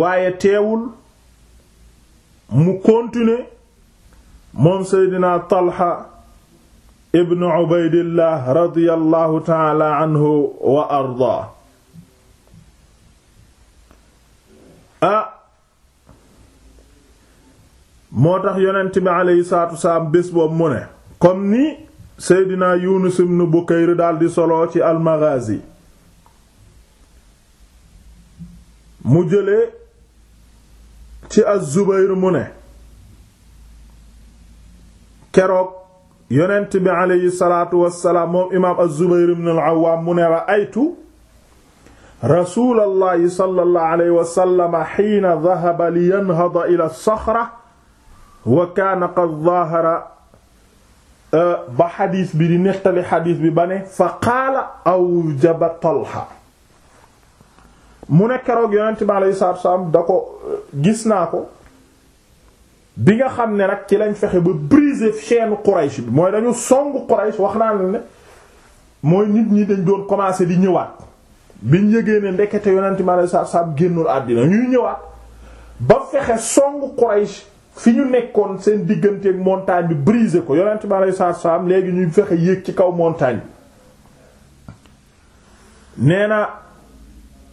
S1: waaye teewul mu kontine moom seydina talxa ibnu ubaydillah radiyallahu taala anhu wa arda ah moo tax yonent bi aleyhi salaatu wasalaam bés boobu mu ne comme ni seydinaa Yunus ibn Bukayr daldi solo ci al mu jële ci az mu ne keroog yonent bi aleyhi salaatu wasalaam moom imaam az-Zubayr ibn al-Awwaam mu ne ra'aytu rasuulallahi sallallahu alayhi wa sallam hiina dhahaba ila as wa kaana qad zaahara e, ba xadiis bi di nettali xadiis bi ba ne fa qaala awjaba Talha mu ne keroog yonent bi alayhi salaatu salaam da ko e, gis naa ko bi nga xam ne nag ci lañ fexe ba briser chaîne Quraysh bi mooy dañu songu Quraysh wax naa ne mooy nit ñi dañ doon commencer di ñëwaat biñ yëgee ne ndekete yonent bi alayhi salaatu salaam génnul àddina ñuy ñëwaat ba fexe songu Quraysh fi ñu nekkoon seen digganteeg montagne bi brisé ko yonent bi aleyhi salaatu salaam léegi ñuy fexe yéeg ci kaw montagne nee na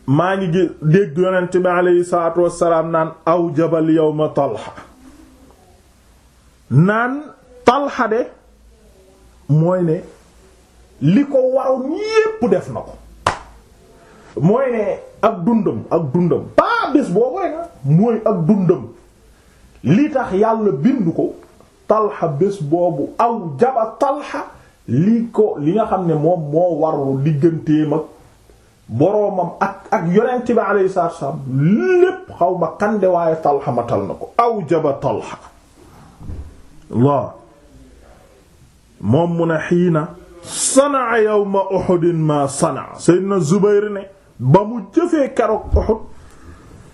S1: maa ngi gi dégg yonent bi aleyhi salaatu wassalaam naan aw jabal yawma talxa naan talxa de mooy ne li ko waroon yépp def na ko mooy ne ak dundam ak dundam ba bés boobu rek mooy ak dundam li tax yàlla bind ko talxa bés boobu aw jaba talxa li ko li nga xam ne moom moo warlu digganteem ak boroomam ak ak yonent bi alayhi salaatu lépp xaw ma kande waaye talxa matal na ko aw jaba talxa laa moom mu ne xiina sanaa yawma uhudin ma sanaa seydina zubayr ne ba mu jëfee keroog uhud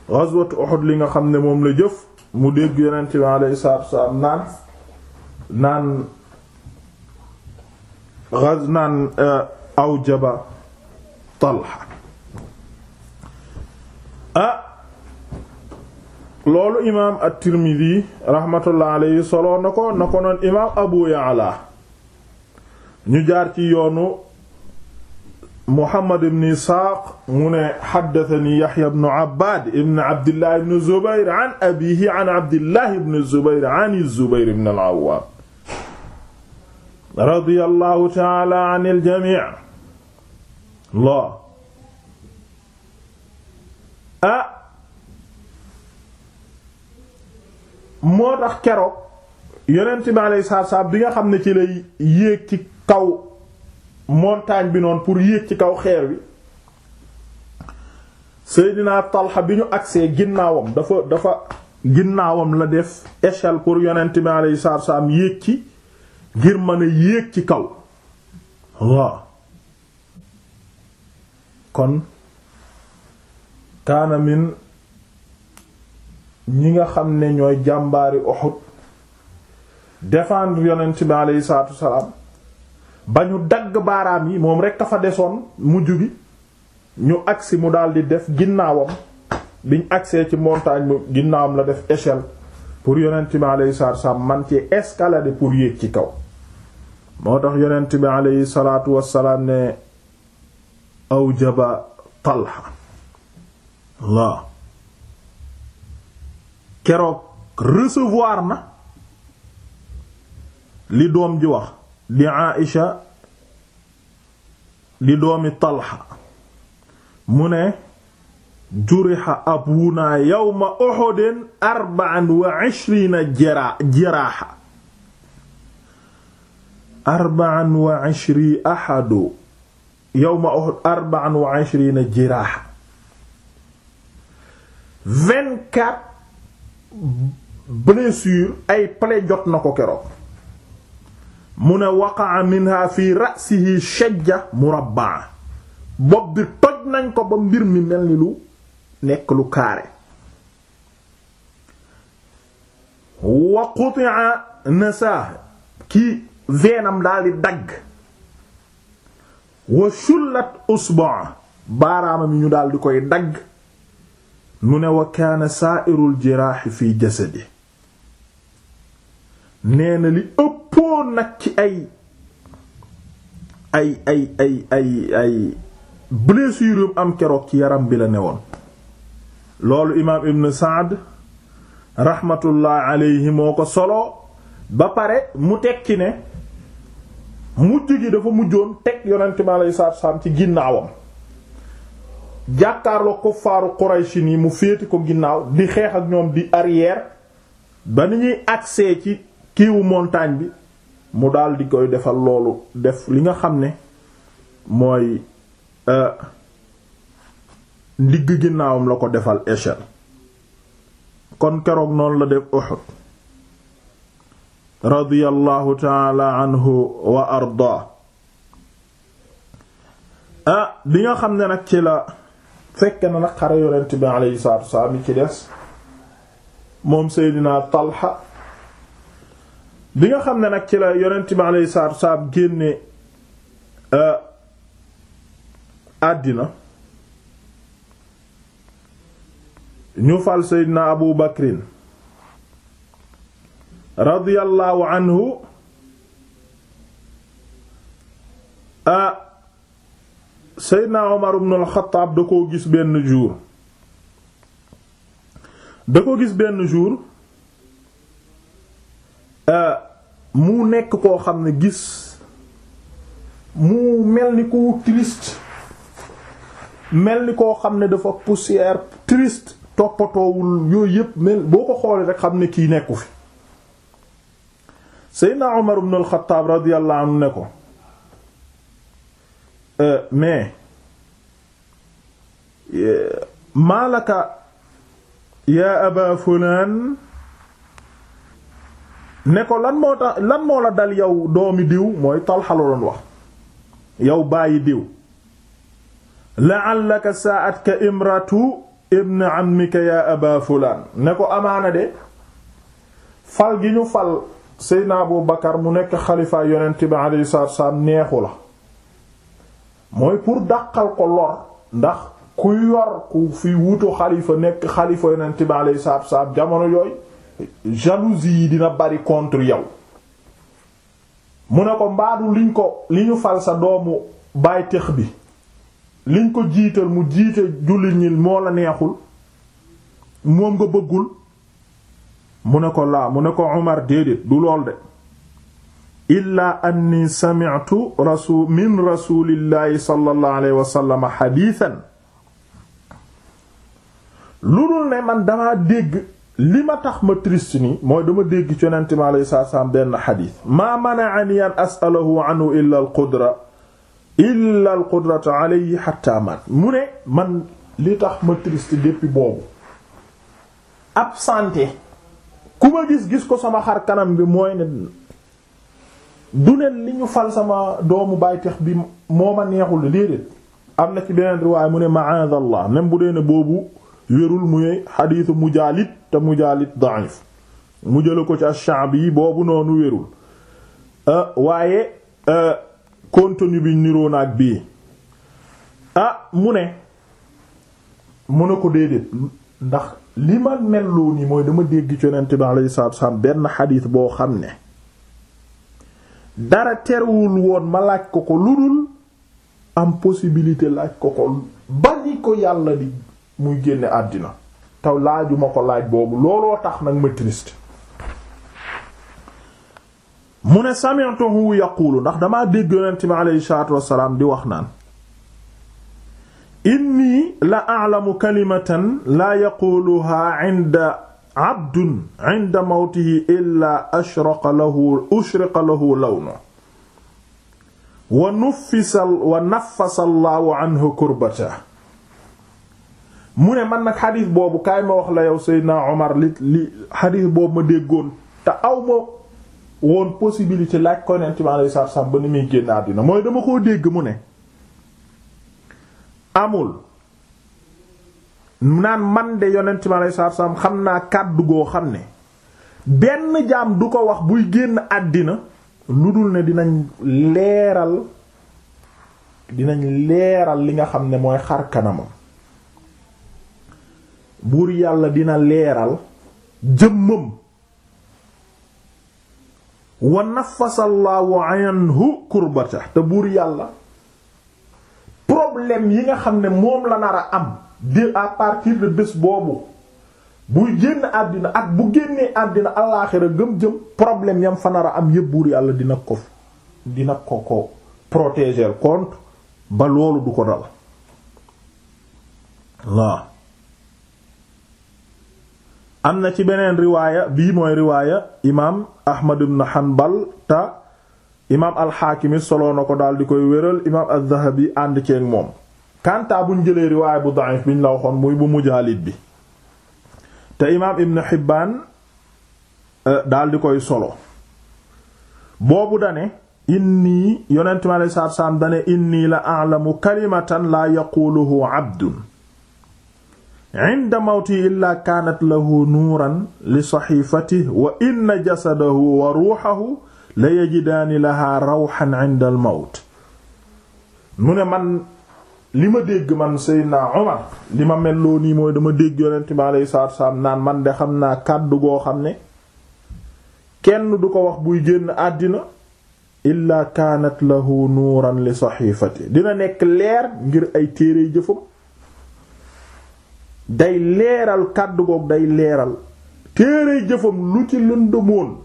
S1: ghazwat uhud li nga xam ne moom la jëf mu dégg yonent bi alayhi salaatu wassalaam naan naan ghaz naan uh, awjaba Talha ah loolu imaam at-Tirmidhi rahmatullah alayhi solo na ko na ko noon imaam Abu Ya'la ñu jaar ci yoonu Muhammad ibn Isaaq mu ne haddathani Yahya ibn Abbad ibn Abdillah ibn Zubayr an abiihi an Abdillah ibn Zubayr an az-Zubayr ibn al-Awwam radiyallahu ta'ala anil jamii' Allah ah moo tax keroog Yonent bi alayhi salaatu wa salaam bi nga xam ne ci lay yéeg ci kaw montagne bi noonu pour yéeg ci kaw xeer bi Seydina Talha bi ñu agsee ginnaawam dafa dafa ginnaawam la def échelle pour yonent bi alayhi salaam yéeg ci ngir mën a yéeg ci kaw waaw kon kaana min ñi nga xam ne ñooy jàmbaari Uhud défendre yonent bi alayhi salaam ba ñu dagg baaraam yi moom rekk a fa desoon mujj bi ñu agsi mu daldi def ginnaawam biñ agsee ci montagne bi ginnaawam la def échelle pour yonent bi alayhi salaatu wassalaam man ci escalader pour yéeg ci kaw moo tax yonent bi alayhi salaatu wassalaam ne aw jaba talha waaw keroog recevoir na li doom ji wax di Aisha di doomi Talha mu ne juriha abuna yawma Uhud arba'an wa ishrina jiraha arba'an wa ishri ahadu arba'an wa ishrina jiraha vingt-quatre blessures ay plaies jot na ko keroog mu ne waqaa minha fi ra'sihi shajja murabbaa bopp bi toj nañ ko ba mbir mi mel ni lu nekk lu kaare wa quti'a nasaah ki veenam daal di dagg wa shullat usbaa baaraamam yi ñu daldi koy dagg mu ne wa kaana saa'irul jiraahi fi jasadi nee na li ëppoon nag ci ay ay ay ay ay ay blessure yu am keroog ci yaram bi la ne woon loolu imaam ibn Saad rahmatullah alayhi moo ko solo ba pare mu tekki ne mujj gi dafa mujjoon teg yonent bi alayhi salaatu salaam ci ginnaawam jàkkaarloo kuffaaru Qurayshi nii mu féeti ko ginnaaw di xeex ak ñoom di arrière ba ni ñuy agsee ci kiiwu montagne bi mu daal di koy defal loolu def li nga xam ne mooy euh, ndigg ginnaawam la ko defal échelle kon keroog noonu la def Uhud radiyallahu taala anhu wa ardaa ah, bi nga xam ne nag ci la fekk na nag xare yonent bi alayhi salaatu wasalaam yi ci des moom Seydina Talha bi nga xam ne nag ci la yonent bi alayhi salaatu génne euh, àddina ñu fal seydina abu bakrin radiyallahu anhu a euh, seydina omar ibn al da koo gis benn jour da ko gis benn jour mu nekk koo xam ne gis mu mel ni ku triste mel ni koo xam ne dafa poussière triste toppatoowul yooyu yépp mel boo ko xoolee rek xam ne kii nekku fi Seydina Umar ibn al-Khattab radiyallahu ne ko euh, mais euh, maalaka yaa aba fulaan ne ko lan moo tax lan moo la dal yow doomi diw mooy Talha la doon wax yow bàyyi diw la'allaka sa'atka imratu ibn ammika ya aba fulaan ne ko amaana de fal gi ñu fal Seydina Abu Bakar mu nekk xalifa yonent bi alayhi salaatu wassalaam neexu la mooy pour daqal ko lor ndax ku yor ku fi wutu xalifa nekk xalifa yonent bi alayhi salaatu wassalaam jamono yooyu jalousie yi dina bari contre yow mu ne ko mbaadu liñ ko li ñu fal sa doomu baay tëx bi liñ ko jiital mu jiite jullit ñi moo la neexul moom nga bëggul mu ne ko laa mu ne ko Umar déedéet du lool de illaa anni sami'tu rasul min rasulillahi sallallahu alayhi wa sallam lu dul ne man dama dégg li ma tax ma triste ni mooy dama dégg ci yonent mi alayhi salaatu salaam benn xadiis maa mana'ani an as'alahu anhu illa al qudra illa al qudrata alayhi hatta mu ne man li tax ma triste depuis boobu absenté ku ma gis gis ko sama xar kanam bi mooy ne du ne li ñu fal sama doomu baytex bi moo ma neexul déedéet am na ci beneen riwaay mu ne ma'aadallah même bu dee ne boobu wérul muy xadiisu mujaalit te mujaalit da'if mu jëla ko ci ash yi boobu noonu wérul euh, waaye euh, contenu bi niroo na ak bii ah mu ne mu ne ko déedéet ndax li ma melloo nii mooy dama dégg ci yonent bi alayhi benn xadiis boo xam ne dara terwul woon ma laaj ko ko lu dul am possibilité laaj ko ko ba ni ko yàlla di mu génne àddina taw laaju ma ko laaj boobu looloo tax nag ma triste mu ne sami'tuhu yaqulu ndax dama dégg yonent bi aleyhi salaatu wassalaam di wax naan inni la a'lamu kalimatan la yaquluha 'inda 'abdun 'inda mawtihi illa ashraqa lahu ushriqa lahu lawnu wa nuffisa wa naffasa Allahu mu ne man nag xadis boobu kaay ma wax la yow Seydina Omar li li xadis boobu ma déggoon te aw ma woon possibilité laaj ko neen ci ma ba ni muy génn àddina mooy dama koo dégg mu ne amul naan man de yonent mi alayhi salaatu salaam xam naa kàddu goo xam ne benn jaam du ko wax buy génn àddina lu dul ne dinañ leeral dinañ leeral li nga xam ne mooy xar kanamam buur yàlla dina leeral jëmmam wa nafasallaahu anhu kurbata te buur yàlla problème yi nga xam ne moom la nar a am di à partir de bés boobu buy génn àddina ak bu génnee àddina alaaxira gëm jëm problème yam fa nar a am yépp buur yàlla dina ko dina ko ko protéger contre ba loolu du ko dal waaw am na ci beneen riwaaya bii mooy riwaaya imaam Ahmad ibn Hanbal te imaam al-Hakim soloo na ko daal di koy wéral imaam az-Zahabi ànd moom. Kanta buñ jëlee riwaaya bu da'if biñ la waxoon muy bu Mujaalid bi te imaam Ibn Hibbaan eh, koy solo boobu dane inni yonent mi alayhi salaatu salaam dane inni la a'lamu kalimatan la yaquluhu abdun inda mawti illaa kaanat lahu nuuran li saxiifatih wa inna jasadahu wa ruuxahu la yajidaani ne man li dégg man Seydina Omar li mel loo nii mooy dama dégg yonent naan man de xam naa kàddu goo xam ne kenn du ko wax buy génn àddina illaa kaanat lahu nuuran li saxiifati dina nekk leer ngir ay téere jëfam day leeral kàddu goog day leeral téere jëfam lu ci lëndëmoon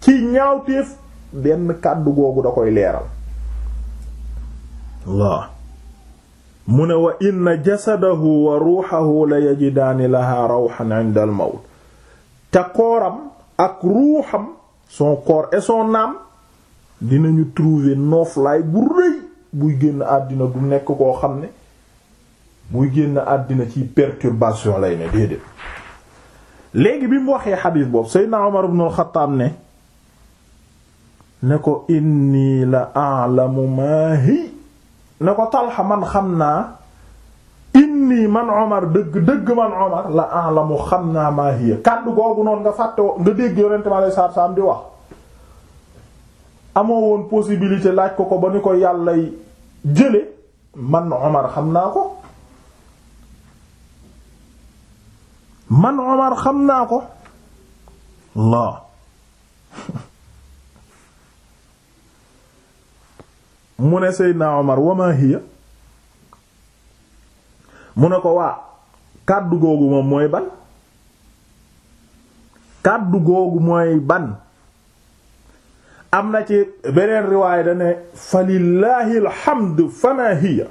S1: ci ñaawteef benn kàddu googu da koy leeral Allah mu ne wa inna jasadahu wa ruuxahu la yajidaani laha rawxan inda al mawt te kooram ak ruuxam son corps et son dinañu trouver nooflaay bu rëy buy génn àddina du nekk koo xam ne muy génn àddina ci perturbation lay ne déedéet léegi bi mu waxee xadiis boobu seydna Umar ibn al-Khattab ne ne ko inni la a'lamu ma ne ko Talha man xam naa inni man Umar dëgg dëgg man Umar la a'lamu xam naa maa hiya kàddu googu noonu nga fàtte nga dégg yonente lay saar saam di wax amoo woon possibilité laaj ko ko ba ni ko yàllay jële man Umar xam naa ko man Omar xam naa ko Allah mu ne Seydina Omar wama hiya mu ne ko waa kàddu googu moom mooy ban kàddu googu mooy ban am na ci beneen riwaay da ne fa lillahi alhamdu fama hiya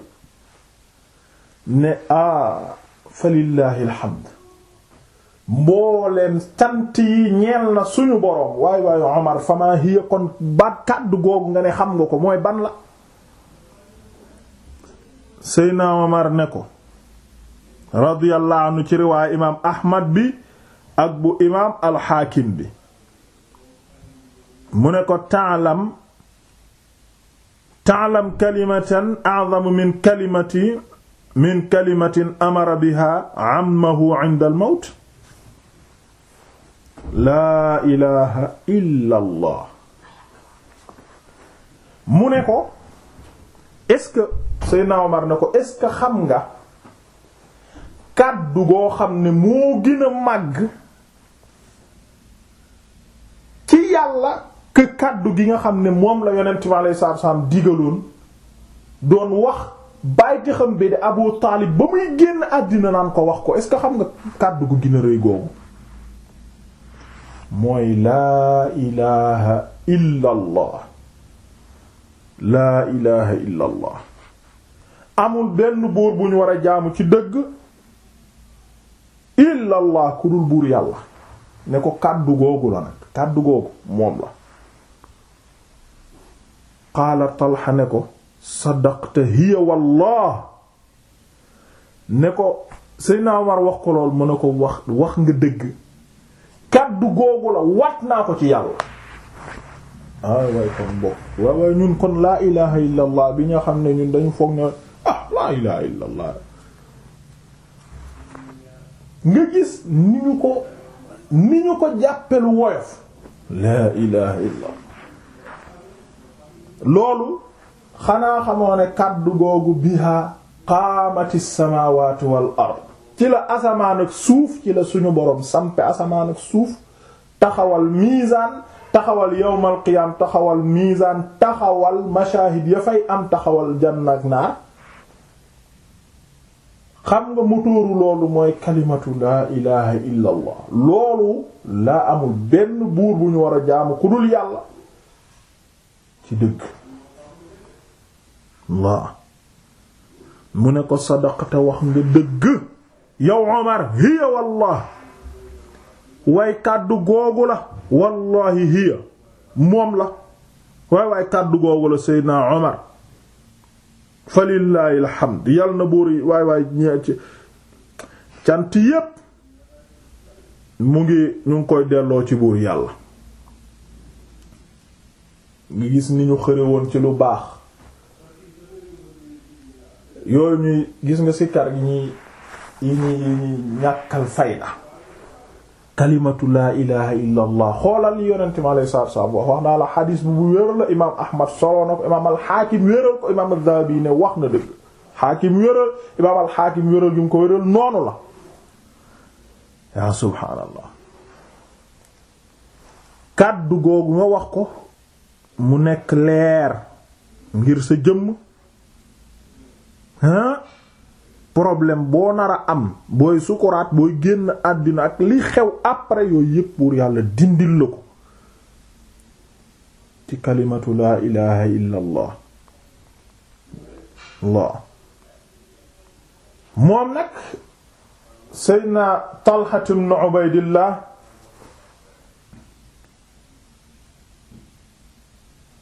S1: ne a ah, fa lillahi alhamdu mbooleem cant yi ñeel na suñu boroom waay waayu Omar fama hiya kon ba kàddu googu nga ne xam nga ko mooy ban la Seyna Omar ne ko radiyallahu anhu ci riwaaya imaam Ahmad bi ak bu imaam alxaakim bi mu ne ko taalam taalam kalimatan a'zamu min kalimati min kalimatin amara biha ammahu 'inda al-mawt laa ilaha illa allah mu ne ko est-ce que Seydina Omar ne ko est-ce que xam nga kàddu goo xam ne moo gën a màgg ci yàlla que kàddu gi nga xam ne moom la yonent mi alayhi salaatu salaam digaloon doon wax bàyyiti xam bi de Abu Taalib ba muy génn àddina naan ko wax ko est-ce que xam nga kàddu gu gën a rëy googu mooy laa ilaha illa laa ilaha illa amul benn buur bu ñu war a jaamu ci dëgg illa allah ku dul buur yàlla ne ko kàddu googu la nag kàddu googu moom la qaala talxa ne ko sadaqta hiya wallah ne ko Seydina war wax ko lool mën na ko wax wax nga dëgg kaddu googu la wat naa ko ci yàlla waay waay kon bokk ñun kon laa ilaha illa bi nga xam ne ñun dañu foog ne ah laa ilaha illa nga gis ni ñu ko ni ñu ko jàppelu woyof laa ilaha illa loolu xanaa xamoo ne kaddu googu biha qaamati samawatu wal ard ci la asamaan ak suuf ci la suñu boroom sampe asamaan ak suuf taxawal miisaan taxawal yawmal qiyaam taxawal miisaan taxawal mashaahid ya fay am taxawal janna ak xam nga motóoru loolu mooy kalimatu laa ilaha illa loolu laa amul benn buur bu ñu war a jaamu ku dul yàlla mu ne ko sadaqata wax nga dëgg yow Omar hiya wallah way kàddu googu la wallahi hiya moom la waay waay kàddu googu la Seydina Omar fa lillahi alhamd yàlla na buur waay waay cant yépp mu ngi ñu ngi koy delloo ci buur yàlla ngi gis ni ñu xëre woon ci lu baax yooyu ñuy gis nga sikkar gi ñuy yi ñuy ñàkkal fayda kalimatu laa ilaha illa allah xoolal wax wax naa la xadis bu wéral la imaam ahmad soloo ko imaam wax na dëgg xaakim wéral imaam alxaakim wéral gi ko wéral noonu la yaa subhaanallah kàddu googu nga wax ko mu nekk leer ngir sa jëmm problème boo nar a am booy sukuraat booy génn àddina ak li xew après yooyu yépp pour yàlla dindil la ko ci kalimatu laa ilaha illa moom nag seydna Talha ibn Ubaydillah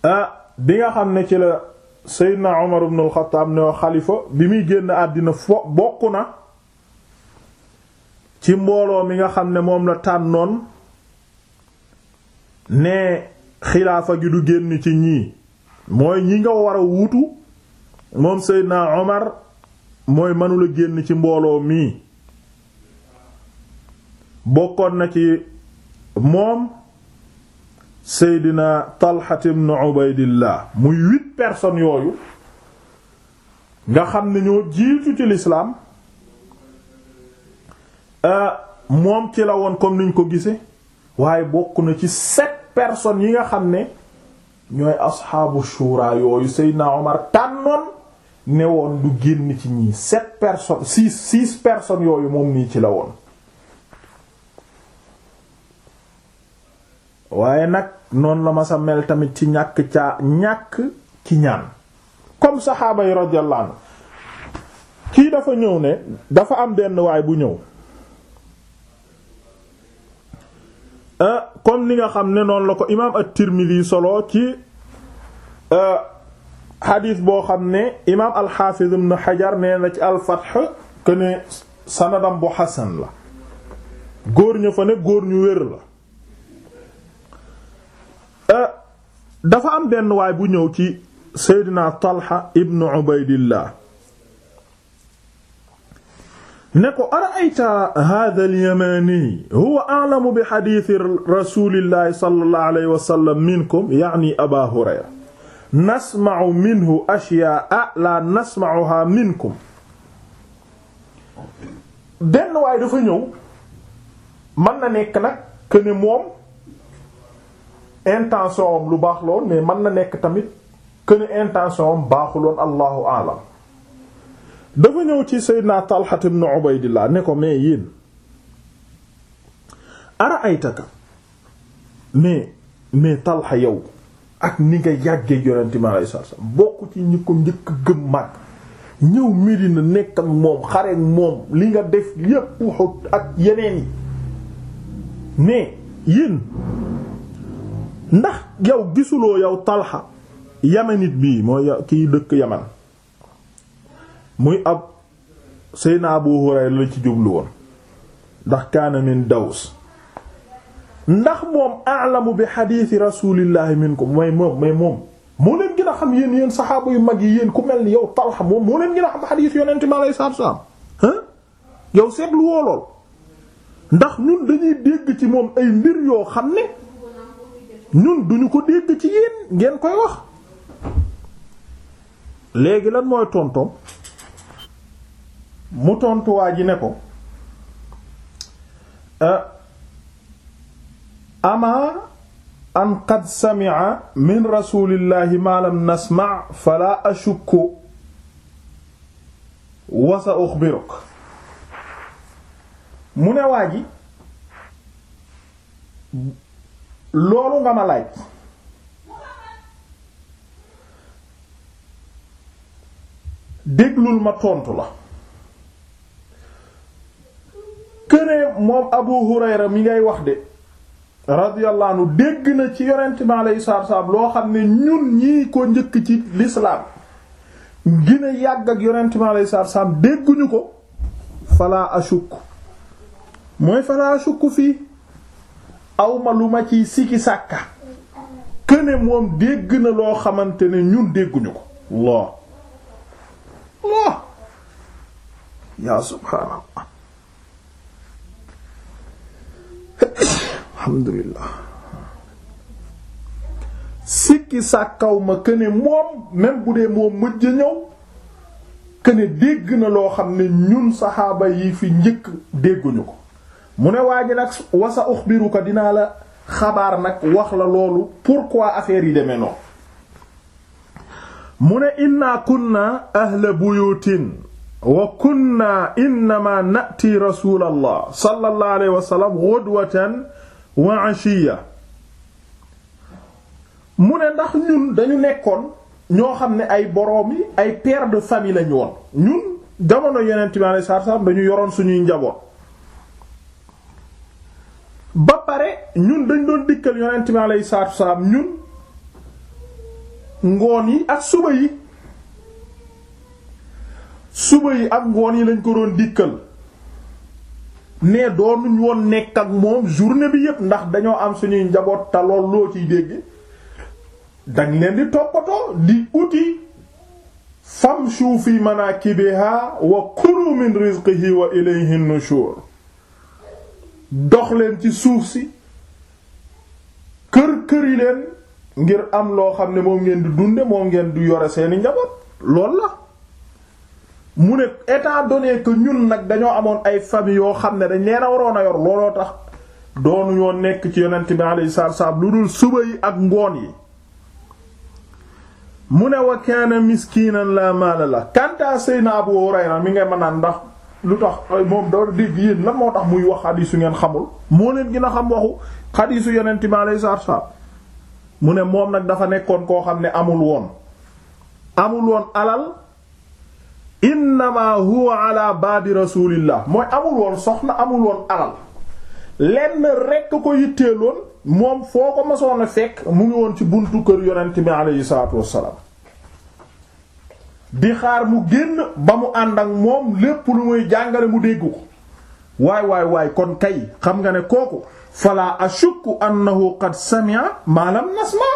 S1: ah nga xam ne ci la Seydina Umar ibn al-Khattab ne xalifa bi muy génn àddina fo bokk na ci mbooloo mi nga xam ne moom la tànnoon ne xilaafa gi du génn ci ñii mooy ñi nga war a wuutu moom Seydina Umar mooy mënula génn ci mbooloo mii bokkoon na ci moom Seydina Talha ibn Ubaydillah muy huit personnes yooyu nga xam ne ñoo jiitu ci lislaam euh, moom ci la woon comme niñ ko gise waaye bokk na ci sept personnes yi nga xam ne ñooy asxaabu shura yooyu Seydina Omar tànnoon ne woon du génn ci ñii sept personnes six six personnes yooyu moom nii ci la woon waaye nag noonu la ma sa mel tamit ci ñàkk caa ñàkk ci ñaan comme saxaaba yi radiyallahu anhu kii dafa ñëw ne dafa am benn waay bu ñëw comme ah, ni nga xam ne noonu la ko imaam at-Tirmidhi solo ci ah, xadiis boo xam ne imaam al-Hafiz xajar Hajar nee na ci al-Fath que ne sanadam bu xasan la góor ñu fa ne góor ñu wér la dafa am benn waay bu ñëw ci Seydina Talha ibnu Ubaydillah ne ko ara'ayta hadha al-yamani huwa a'lamu bi hadithi rasulillahi sallallahu alayhi wa sallam minkum ya'ni Aba Hurayra nasma'u minhu ashya'a la nasma'uha minkum benn waay dafa ñëw mën na nekk nag que ne moom intention am lu baax lool mais mën na nekk tamit que ne intention am baaxuloon allahu alam dafa ñëw ci Seydina Talha ibn Ubaydillah ne ko mais yéen ara aytaka mais mais Talha yow ak ni nga yàggee yonente mi alei satu bokk ci ñi ko njëkk gëm mag ñëw Medina nekk ak moom xare moom li nga def yépp ak yeneen yi mais yéen ndax yow gisuloo yow talxa yamanit bi mooy kiy dëkk yaman muy ab seyna Abu Hurayra la ci jublu woon ndax kaana min daws ndax moom alamu bi xadiisi rasulillahi min ko may moom may moo leen gën a xam yéen yéen saxaaba yu mag yi yéen ku mel ni yow talxa moom moo leen gën a xam xadiis yonente mi aleyi salaatu salaam yow seetlu woolool ndax ñun dañuy dégg ci moom ay mbir yoo xam ne ñun duñu ko dégg ci yéen ngeen koy wax léegi lan mooy tontom mu tontuwaa ji ne ko euh, ama an qad sami'a min rasulillahi ma lam nasma' fala ashukku wa sa ukhbiruk mu ne waa loolu nga ma laaj déglul ma tontu la kënee moom Abu Hurayra mi ngay wax de radiyallahu anhu dégg na ci yonent mi alayhi salaam loo xam ne ñun ñii ko njëkk ci lislaam gën a yàgg ak yonent mi alayhi salaam dégguñu ko falaa ashuk mooy falaa ashuk fii awma lu ma ciy sikki sàkka këne moom dégg na loo xamante ne ñun dégguñu ko loo loo yaa subhaanallah alhamdulillah sikki sàkkaw ma këne moom même bu dee moom mujj ñëw këne dégg na loo xam ne ñun saxaaba yi fi njëkk dégguñu ko mu ne waa ji nag wasa uxbiruka dinaa la xabaar nag wax la loolu pourquoi affaire yi demee noonu mu ne inna kunna ahla buyutin wa kunna innama na'ti rasulallah sallallahu alayhi wa sallam ghudwatan mu ne ndax ñun dañu nekkoon ñoo xam ne ay boroom yi ay père de famille lañu woon ñun jamono yonent bi alayhi salaatu salaam dañu yoroon suñuy njaboot ba pare ñun dañ doon dikkal yonent bi alayhi salaatu wasalaam ñun ngoon yi ak suba yi suba yi ak ngoon yi lañ ko doon dikkal mais doonuñ woon nekk ak moom journée bi yépp ndax dañoo am suñuy njaboot te loo ciy dégg dañ leen di toppatoo di uti famshu fi manakibiha wa kulu min rizqihi wa ilayhi nushur dox leen ci suuf si kër këri leen ngir am loo xam ne moom ngeen di dunde moom ngeen du yore seeni njaboot lool la mu ne étant donné que ñun nag dañoo amoon ay famille yoo xam ne dañ leen a waroon a yor looloo tax doonu ñoo nekk ci yonent bi alayhi salaatu salaam lu dul suba yi ak ngoon yi mu ne wa kaana miskinan la maala la kanta seyna Abu Hurayra mi nga mën naan ndax lu tax moom doo dégg yéen lan moo tax muy wax xadiis ngeen xamul moo leen gën a xam waxu xadiisu yonent mi alayhi salaatu salaam mu ne moom nag dafa nekkoon koo xam ne amul woon amul woon alal innama huwa ala baadi rasulillah mooy amul woon soxna amul woon alal lenn rekk ko yitteeloon moom foo ko masoon a fekk mu ngi woon ci buntu kër yonent mi alayhi salaatu wassalaam di xaar mu génn ba mu ànd ak moom lépp lu muy jàngale mu dégg ko waay waay waay kon kay xam nga ne kooku fala ashukku annahu qad sami'a ma lam nasma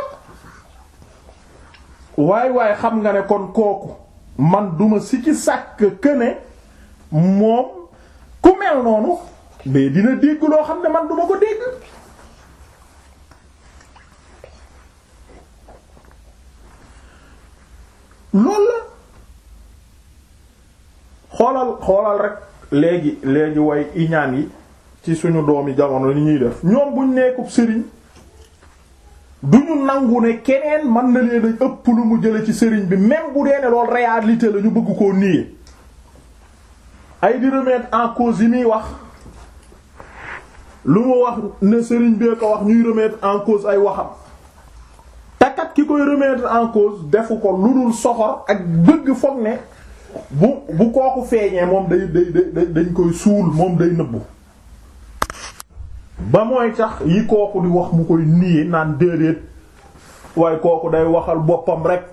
S1: waay waay xam nga ne kon kooku man duma si ci sàkk que moom ku mel noonu mais dina dégg loo xam ne man duma ko dégg loolu la xoolal xoolal rek léegi léegi way iñaan yi ci suñu doomi jamono ni ñuy def ñoom buñ nekkub sëriñ duñu nangu ne keneen mën na leen a ëpp lu mu jële ci sëriñ bi même bu dee ne loolu réalité la ñu bëgg koo nii ay di remettre en yi muy wax lu mu wax ne sëriñ bee ko wax ñuy remettre en ay waxam takat ki koy remettre en defu ko lu dul soxor ak bëgg foog ne bu bu kooku feeñee moom day day dañ koy suul moom day nëbbu ba mooy tax yi kooku di wax mu koy niye naan déedéet waaye kooku day waxal boppam rek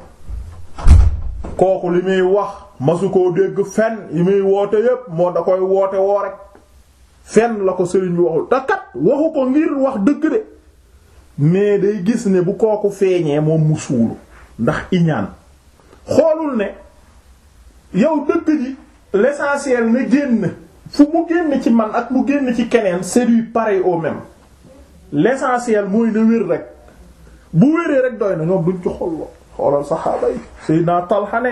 S1: kooku li muy wax masu koo dégg fenn yi muy woote yépp moo da koy woote woo rek fenn la ko sëriñ bi waxul te kat waxu ko ngir wax dëgg de mais day gis ne bu kooku feeñee moom mu suulu ndax iñaan xoolul ne yow dëgg ji l'essentiel na génn fu mu génn ci man ak mu génn ci keneen c'est pare pareil au même l'essentiel mooy na wér rek bu wéree rek doy na ñoom duñ ci xolloo xoolal saxaaba yi Seydina Talha ne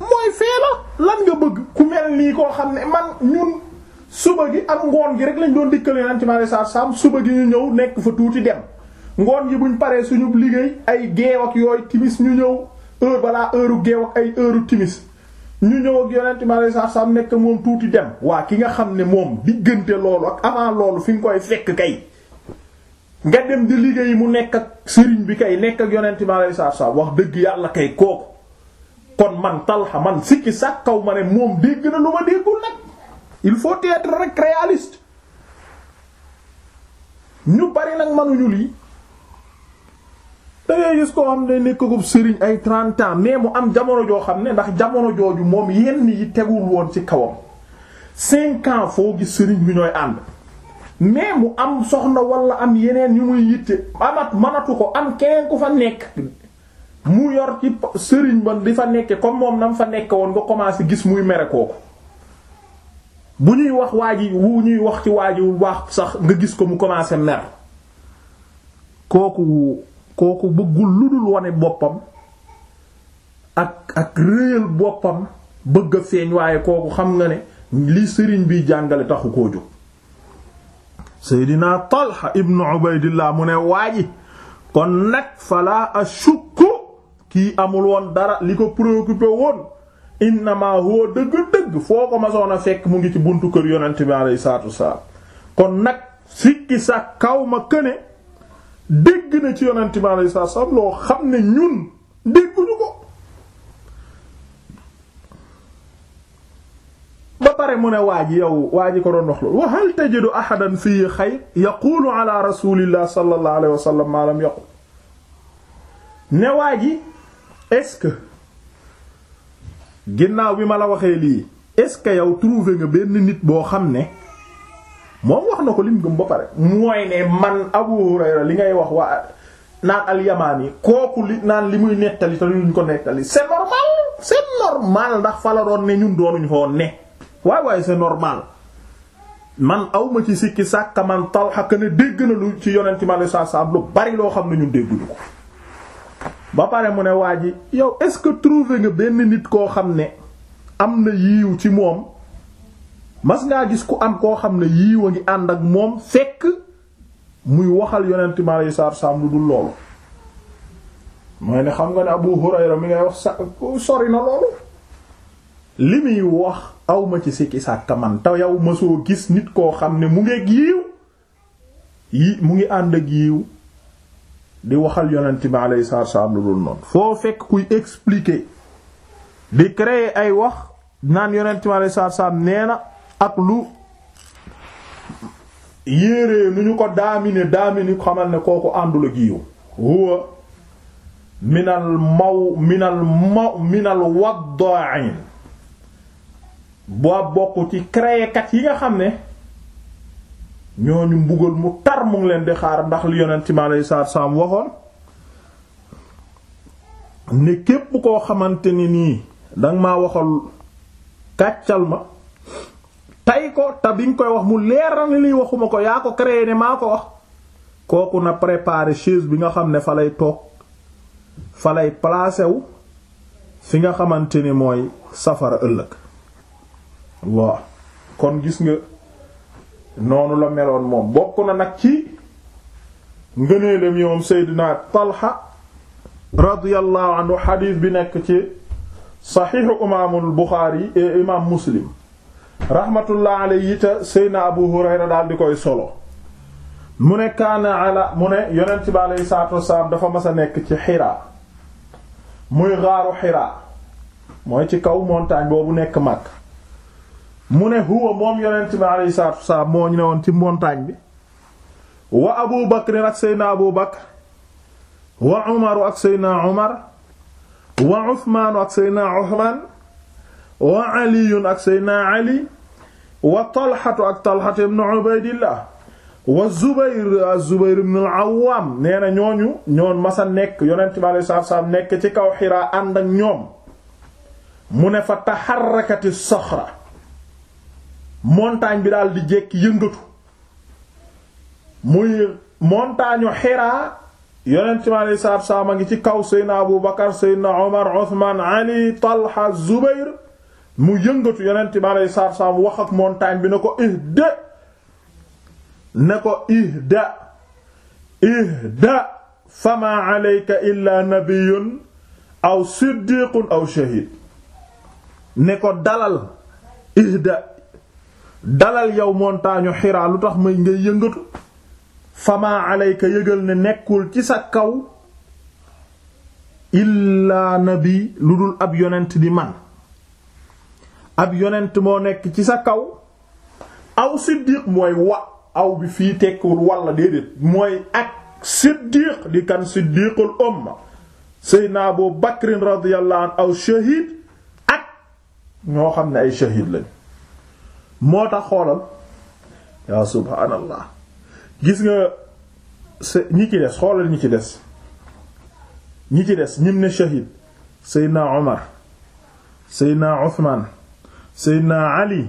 S1: mooy fee la nga bëgg ku mel nii koo xam ne man ñun suba gi ak ngoon gi rek lañ doon dikkale naan ci maraîchage sam suba gi ñu ñëw nekk fa tuuti dem ngoon gi buñ paree suñu liggéey ay geew ak yooyu timis ñu ñëw heure balaa heure géew ak ay heure timis ñu ñëw ak yonent ma lay sax sam nekk moom tuuti dem waa ki nga xam ne moom diggante loolu ak avant loolu fi nga koy fekk kay nga dem di liggéey mu nekk ak sëriñ bi kay nekk ak yonent ma sax wax dëgg yàlla kay kooku kon man talxa man sikki sàkkaw ma ne moom dégg na lu ma déggul nag il faut être rek réaliste ñu bari nag mënuñu lii da ngay gis koo xam ne nekkagum sëriñ ay 30 ans mu am jamono joo xam ne ndax jamono jooju moom yenn yi tegul woon ci kawam cinq ans foo gis sëriñ bi ñooy ànd mais mu am soxna wala am yeneen yu muy yitte amat manatu ko am keneen ku fa nekk mu yor ci sëriñ ba di fa nekke comme moom nam fa nekke woon nga commencé gis muy mere kooku bu ñuy wax waa ji wu ñuy wax ci waa ji baax sax nga gis ko mu commencé mer kooku kooku bëggul lu dul wane boppam ak ak réyal boppam bëgg a feeñ waaye kooku xam nga ne li sëriñ bi jàngale taxu koo jóg seydinaa talha ibnu ubaydillah mu ne waaji kon nag falaa ashukku kii amul woon dara li ko préoccupé woon innamaa huwa dëgg-dëgg foo ko masoon a fekk mu ngi ci buntu kër yonent bi alayhi salaatu kon nag sikki sa kaw ma këne dégg na ci yonent bi alayhi salaam loo xam ne ñun dégguñu ko ba pare mu ne waa ji yow waa ji ko doon wax loolu wa hal ahadan fii xayr yaqulu ala rasulillah sallallahu alayhi wa sallam ma lam ne waa ji est ginnaaw bi ma la waxee lii est-ce que yow trouvé nga benn nit boo xam ne moom wax na ko lim gëm ba pare mooy ne man Abu Hurayra li ngay wax waa naan al-Yamani kooku li naan li muy nettali te luñ ko nettali c'est normal c'est normal ndax fa la doon ne ñun doonuñu fa woon ne waaye waaye c'est normal man awma ci sikki sàkka man Talha ne dégg na lu ci yonent mi alayhi salaam lu bari loo xam ne ñun dégguñu ko ba pare mu ne waa ji yow est-ce que trouvé nga benn nit koo xam ne am na yiiw ci moom mas ngaa gis ku am koo xam ne yiiw a ngi ànd ak moom fekk muy waxal yonent mi alayhi salaatu salaam lu dul loolu mooy ne xam nga ne Abu Hurayra mi ngay wax sa sori na loolu li muy wax awma ci sikki sàkka man te yow ma soo gis nit koo xam ne mu ngeeg yiiw yi mu ngi ànd ak yiiw di waxal yonent lay alayhi salaatu salaam lu dul noonu foo fekk kuy expliquer di créer ay wax naan yonent bi alayhi salaatu salaam nee na ak lu yéeree nu ñu ko daamine daamine xamal ne kooku àndul ak yiw huwa minal maw minal maw boo bokk ci créekat yi nga xam ne ñooñu mbugal mu tar mu ngi leen di xaar ndax li yonent mi alayhi salaatu salaam waxoon ne képp koo xamante ni nii danga maa waxal kàccal ma tey ko te bi nga koy wax mu leeral na liy waxuma ko yaa ko créé ne maa ko wax kooku na préparer chaise bi nga xam ne fa lay toog fa lay placé wu fi nga xamante ni mooy safara ëllëg waaw kon gis nga noonu la meloon moom bokk na nag ci ngëneelam yoom Seydina Talha radiyallahu anhu xadiis bi nekk ci saxiixu imaamul Buxaari eh, imaam Muslim rahmatullah alayhi ta seyna abu hurayra daal di koy solo mu ne kaana ala mu ne yonent bi aleyhi salaatu wasalaam dafa masa nekk ci xiraa muy xaaru xiraa mooy ci kaw montagne boobu nekk màkk mu ne huwa moom yonent bi aleyhi salaatu wasalaam moo ñu ne woon ci montagne bi wa abu bakr ak seyna abu bakr wa umaru ak seyna umar wa usmaanu ak seyna usmaan wa aliyun ak seydna ali wa talxatu ak talxatu ibn ubaydillah wa zubayr a zubayr ibn al nee na ñooñu ñoon masa nekk nekk ci kaw xiraa ànd ak ñoom mu ne fa taxarakati soxra montagne bi daal di jékki yëngatu muy montagne xiraa yonent bi a ngi ci kaw seydna abu bakar seydna omar uthman ali talha zubayr mu yëngatu yonent bi aleyhi salaatu salaam wax ak montagne bi ne ko ihda ne ko ihda ihda fama aleyka illa nabiyyun aw siddiqun aw shahid ne ko dalal ihda dalal yow montagne xiraa lu tax may ngay yëngatu fama aleyka nekkul ci sa kaw illaa nabi lu dul ab yonent di man ab yonent moo nekk ci sa kaw aw siddiq mooy wa aw bi fii tekkiwul walla déedéet mooy ak siddiq di kan siddiqul umma seydna abu bakrin radiyallahu anhu aw shahid ak ñoo xam ne ay shahid lañ moo tax xoolal yaa subhaanallah gis nga ñi ci des xoolal ñi ci des ñi ci des ñim ne shahid seydna omar seydna uthman Seydina Ali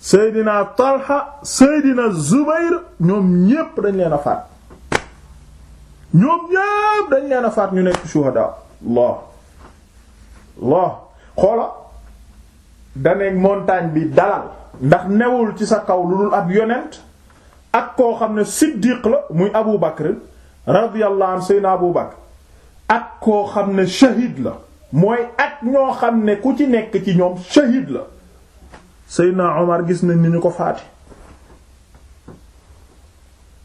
S1: Seydina Talha Seydina Zubayr ñoom ñépp dañ leen a faat ñoom ñépp dañ leen a faat ñu nekk shuhada Allah Allah xoola daneeg montagne bi dalal ndax newul ci sa kaw lu dul ab yonent ak koo xam ne siddiq la muy Abu Bakr radiyallahu anhu Seydina Abu Bakr ak koo xam ne shahid la mooy ak ñoo xam ne ku ci nekk ci ñoom shahid la Seydina Omar gis nañ ni ñu ko faati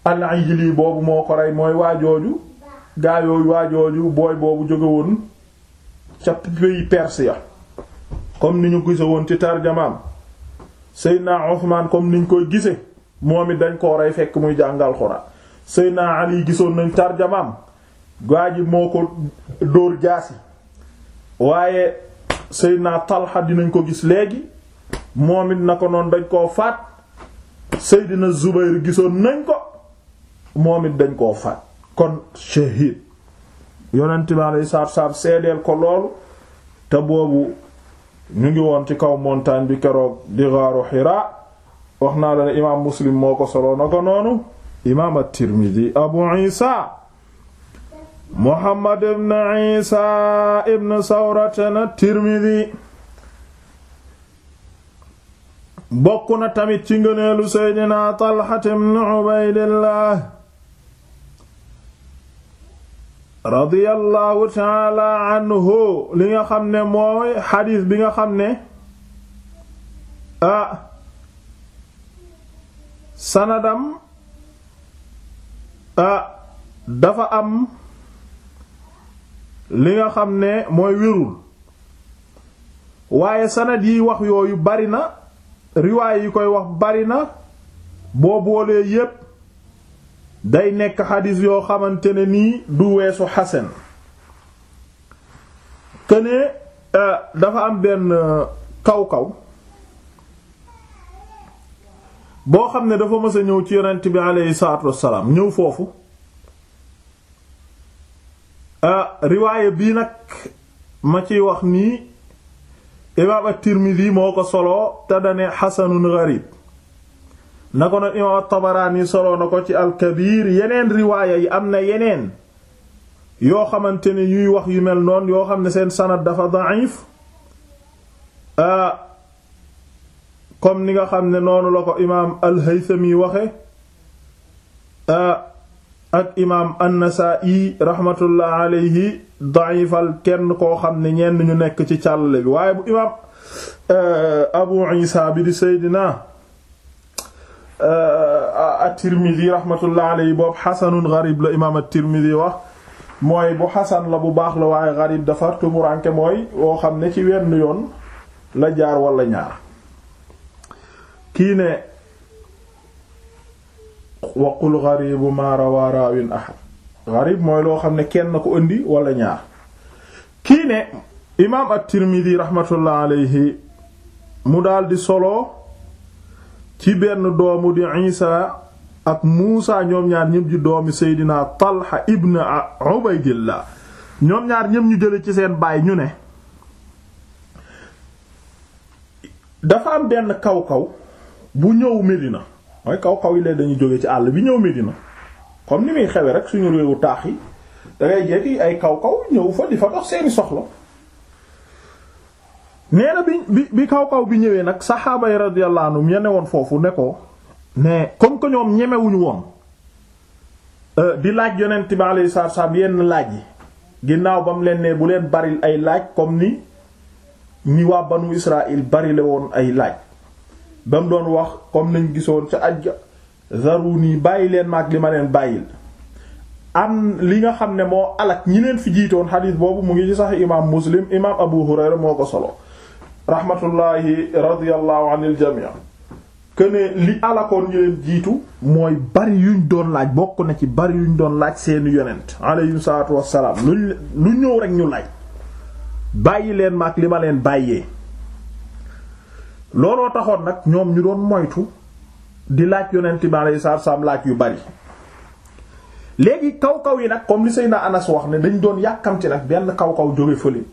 S1: al-Ijli boobu moo ko rey mooy waajooju gaa yooyu waajooju booy boobu jóge woon ca pays perse ya comme ni ñu gise woon ci tarjamaam Seydina Ousmane comme niñ koy gise moom it dañ koo rey fekk muy jàngal Alxuraan Seydina Ali gisoon nañ tarjamaam gaa ji moo ko dóor jaasi waaye Seydina Talha dinañ ko gis léegi moom it na ko noonu dañ koo faat Seydina Zubayr gisoon nañ ko moomit dañ koo faat kon shahid yonent bi alayhi salaatu salaam seedeel ko loolu te boobu ñu ngi woon ci kaw montagne bi keroog di gaaru Hira wax naa la ne imaam Muslim moo ko soloo na ko noonu imaam at-Tirmidhi Abu Isa Muhammad ibn Isa ibn Sawratan at-Tirmidhi bokk na tamit ci ngëneelu seydina Talha ibn Ubaydillah radiyallahu taala anhu li nga xam ne mooy xadiis bi nga xam ne ah sanadam ah dafa am li nga xam ne mooy wérul waaye sanad yi wax yooyu bari na riwaay yi koy wax bari na boo boolee yépp day nekk xadis yoo xamante ne nii du weesu xasan këne euh, dafa am benn euh, kaw-kaw boo xam ne dafa mës ñëw ci yonent bi aleyhi salaatu wassalaam ñëw foofu euh, riwaaye bii nag ma ciy wax nii imaam at-Tirmidhi moo ko solo te dane xasanun gharib na ko noon imaam at-Tabarani solo na ko ci al-Kabir yeneen riwaaya yi am na yeneen yoo xamante ne yuy wax yu mel noon yoo xam ne seen sanad dafa da'if ah, comme ni nga xam ne noonu la ko imaam al-Haythami waxe ah, ak imaam an-Nasaa'i rahmatullah alayhi dayifal kenn koo xam ne ñenn ñu nekk ci càllale bi waaye bu imaam euh, Abu Isa bi di Seydina euh, at-Tirmidhi rahmatullah alayhi boobu xasanun garib la imaam at-Tirmidhi wax mooy bu xasan la bu baax la waaye garib dafar tumuranke mooy woo xam ne ci wenn yoon la jaar wala ñaar kii ne waqul garibu ma rawa raawin ahad garib mooy loo xam ne kenn ko indi wala ñaar kii ne imaam at-Tirmidhi rahmatullah mu daldi solo ci benn doomu di Isa ak Muusa ñoom ñaar ñëpp doomi Seydina Talha ibn Ubaydillah ñoom ñaar ñëpp ñu jële ci seen baay ñu ne dafa am benn kaw kaw bu ñëw Medina mooy kaw kaw yi léegi dañuy jóge ci àll bi ñëw mi Medina comme ni muy xewe rek suñu réewu taax yi dangay jekki ay kaw kaw ñëw fa di fa dox seeni soxla nee na bi bi kaw kaw bi ñëwee nag saxaaba yi radiyallahu anhum ñene woon foofu ne ko mais comme que ñoom ñemewuñu woon euh, di laaj yonent bi alayhi salaatu salaam yenn laaj yi ginnaaw ba mu leen ne bu leen bari ay laaj comme ni ni waa banu Israël bari la woon ay laaj ba mu doon wax comme nañ gisoon ca ajja zaruni bàyyi leen ma ak li ma leen bàyyil am li nga xam ne moo alak ñi leen fi jiitoon xadiis boobu mu ngi ci sax imaam muslim imaam abu hurayra moo ko solo rahmatullahi radiyallahu anil jamii këne li alakoon ñi leen jiitu mooy bari yuñ doon laaj bokk na ci bari yuñ doon laaj seeni yonent alayhi salaatu wassalaam luñ lu ñëw rek ñu laaj bàyyi leen ma li ma leen bàyyee looloo taxoon nag ñoom ñu doon moytu di laaj yonent bi alayhi salaatu salaam laaj yu bari léegi kaw kaw yi nag comme li Seydina Anas wax ne dañ doon yàkkamti nag benn kaw kaw jóge fële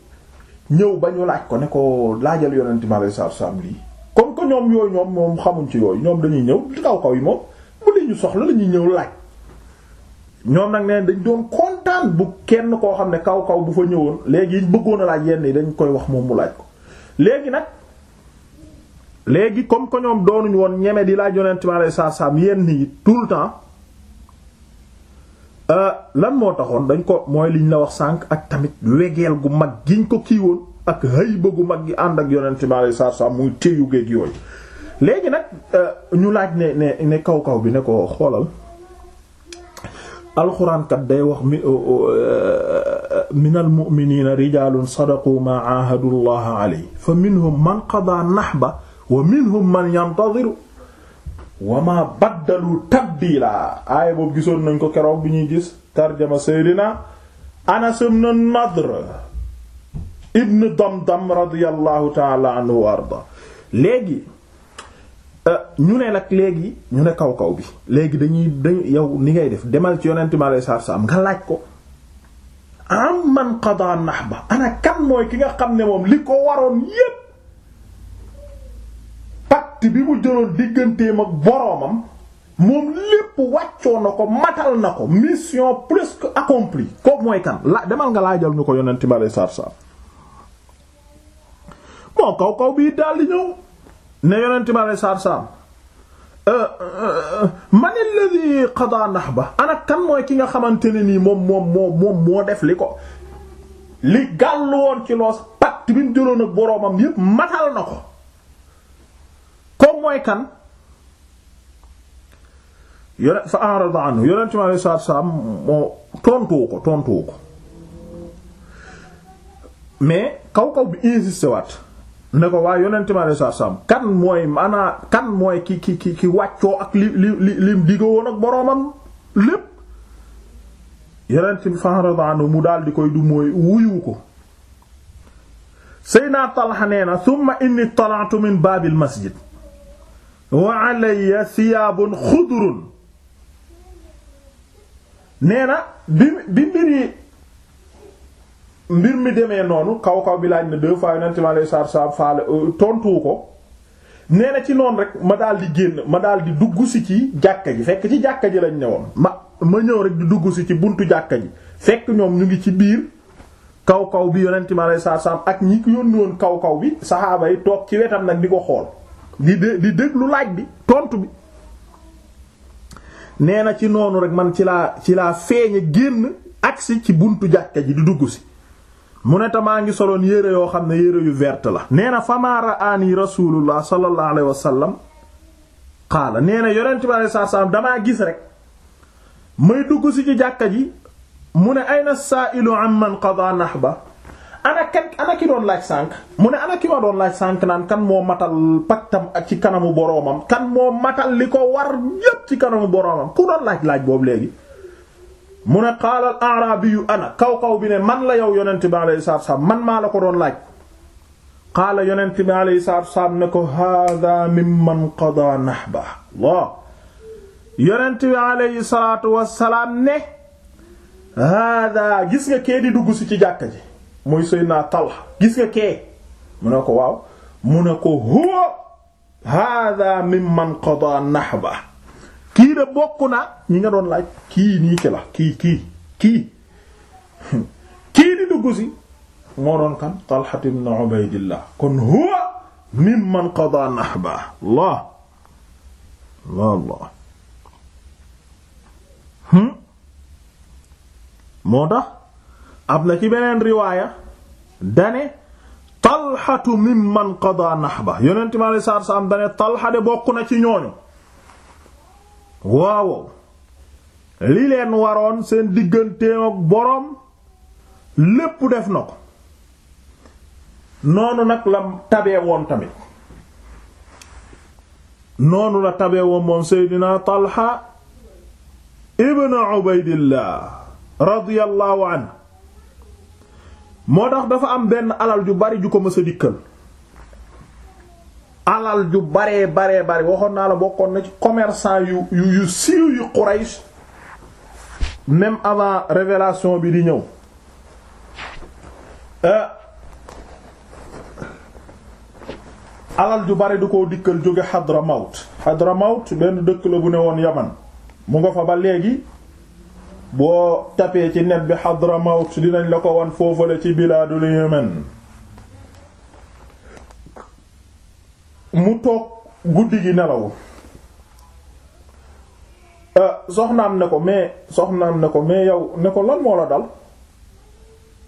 S1: ñëw ba ñu laaj ko ne ko laajal yonent bi alayhi salaatu salaam lii comme que ñoom yooyu ñoom moom xamuñ ci yooyu ñoom dañuy ñëw kaw kaw yi moom bu li ñu soxla lañuy ñëw laaj ñoom nag nee dañ doon kontaan bu kenn koo xam ne kaw kaw bu fa ñëwoon léegi bëggoon a laaj yenn yi dañ koy wax moom laaj ko léegi nag léegi comme que ñoom doonuñu woon ñeme di laaj yonent bi alayhi saam yenn yi tout le temps euh, lan moo taxoon dañ ko mooy liñ la wax sànq ak tamit wegeel gu mag giñ ko kii woon ak hayba gu mag gi ànd ak yonent bi alayhi salaam muy téyu géej yooyu. léegi nag euh, ñu laaj ne ne ne kaw kaw bi ne ko xoolal alxuraankat day wax mi euh, minal mu'miniina rijaalun sadaqu maa aahadu llaaha alayhi fa minhum man qadaa nahba wa minhum man yantadiru wa ma baddalu tabdiila aaya boobu gisoon nañ ko keroog bi ñuy gis tarjama seydina anas ibn nadr ibn damdam radiyallahu taala anhu wa arda léegi euh, ñu ne nag léegi ñu ne kaw kaw bi léegi dañuy dañu yow ni ngay def demal ci yonent mi aleyhi salaatu salaam nga laaj ko am man qadaa nahba ana kan mooy ki nga xam ne moom li ko waroon yépp pacte bi mu jëloon digganteem ak boroomam moom lépp wàccoo na ko matal na ko mission plus que accomplie mooy kan la demal nga laajal ñu ko yonent bi saaf saaf bon kaw kaw bii daal di ñëw ne yonent bi saaf saaf euh, euh, euh, man alladhi qada nahba ana kan mooy ki nga xamante ne nii moom moom moo def li ko li gàllu woon ci loos pacte bi mu jëloon ak boroomam yépp matal na ko. mooy kan yone fa arada anhu yonent mi alayhi salaatu salaam moo tontuwu ko tontuwu ko mais kaw kaw bi insisté waat ne ko waaye yonent mi alayhi salaatu salaam kan mooy maanaa kan mooy ki ki ki ki wàccoo ak li li li lim digga woon ak boroomam lépp yonent fa arada anhu mu daal di koy du mooy wuyu ko Seydina Talha nee na thumma inni tala'tu min baabil masjid wa ya siyaabun xudrun nee na bi bi mbir mi demee noonu kaw kaw bi laaj na deux fois yonent mi alayhi salaatu salaam faale euh, tontuwu ko nee na ci noonu rek ma daal di génn ma daal di dugg si ci jàkka ji fekk ci jàkka ji lañ ne woon ma ma ñëw rek di dugg si ci buntu jàkka ji fekk ñoom ñu ngi ci biir kaw kaw bi yonent mi alayhi salaatu salaam ak ñi ko yónni woon kaw kaw bi saxaaba yi toog ci wetam nag di ko xool di di déglu laaj bi tontu bi nee na ci noonu rek man ci laa ci laa feeñe génn agsi ci buntu jàkka ji di dugg si mu ne tamaa ngi soloon yére yoo xam ne yére yu vert la nee na famaa raani rasulullah sallallahu alayhi wasallam xaala nee na yonente bi alayhi salaam damaa gis rek may dugg si ci jàkka ji mu ne ayna saailu amman qada ba ana ki doon laaj sànq mu ne ana ki ma doon laaj sànq naan kan moo matal pactam ci kanamu boroomam kan moo matal li ko war yépp ci kanamu boroomam ku doon laaj laaj boobu léegi. mu ne qaala al arabiyu ana kaw kaw bi ne man la yow yonent bi alayhi man maa la ko doon laaj. qaala yonent bi alayhi ne ko haadaa mimman qadaa nahba Allah yonent bi alayhi salaatu ne haadaa gis nga kee di dugg si ci jàkka ji. muy Seydina Talha gis nga kee mu ne ko waaw mu ne ko huwa hada mimman qada nahba kii de bokk na ñi nga doon laaj kii nii ci la kii kii kii kii di dugg si moo doon kan Talha ibn Ubaydillah kon huwa mimman qada nahba Allah Allah Allah hmm? moo tax ab na ci beneen riwaaya dane talxatu mimman qada nahba yonent mi alei saatu salaam dane talxa bokk na ci ñooñu waaw li leen waroon seen digganteem ak boroom lépp def na ko noonu nag la tabee woon tamit noonu la tabee woon moom Seydina Talha Ubaydillah radiyallahu anhu moo tax dafa am benn alal ju bari ju ko mës a dikkal alal ju baree baree bari waxoon naa la bokkoon na ci commerçant yu yu yu siiw yu Quraysh même avant révélation bi di ñëw euh, alal ju bari du ko dikkal jóge Hadramaut Hadramaut benn dëkk la bu ne woon Yaman mu nga fa ba léegi boo tapee ci net bi Hadramawt dinañ la ko won foofale ci bilaadul Yemen mu toog guddi gi nelaw euh, soxnaam ne ko mais soxnaan ne ko mais yow ne ko lan moo la dal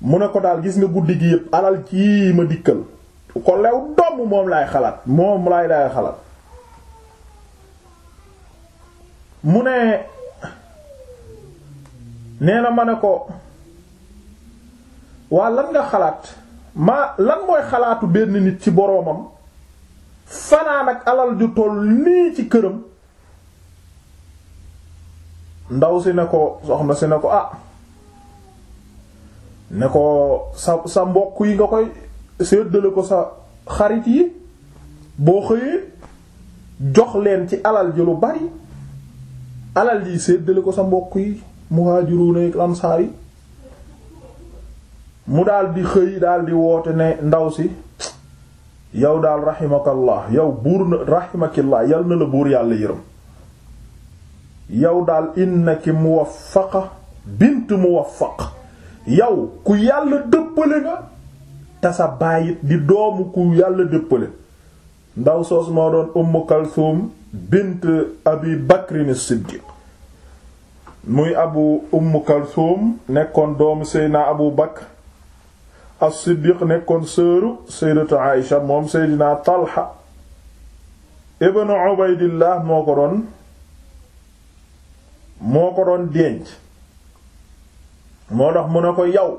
S1: mu ne ko daal gis nga guddi gi yépp alal ci ma dikkal ko lew doom moom laay xalaat moom laay laay xalaat mu ne nee na ma ne ko waa lan nga xalaat ma lan mooy xalaatu benn nit ci boroomam fanaan ak alal ju toll nii ci këram ndaw si ne ko soxna si ne ko ah ne ko sa sa mbokk yi nga koy séddale ko sa xarit yi boo xëyee jox leen ci alal ji lu bari alal ji séddale ko sa mbokk yi muhaajiruuna ak ansaar yi mu daal di xëy daal di woote ne ndaw si yow daal raximakallah yow buur na yal na la buur yàlla yërëm yow daal innaki muwaffaqa bint muwaffaq yow ku yàlla dëppale nga te sa baayit di doomu ku yàlla dëppale ndaw soos moo doon Umm Kalthum bint Abi Bakrin Siddiq muy abu umm kalthum nekkoon doomu seydina abu bakr as nekkoon sëru sayyidatu aïsha moom seydinaa talha ibnu ubaydillah moo ko doon moo ko doon denc moo tax mu ne ko yow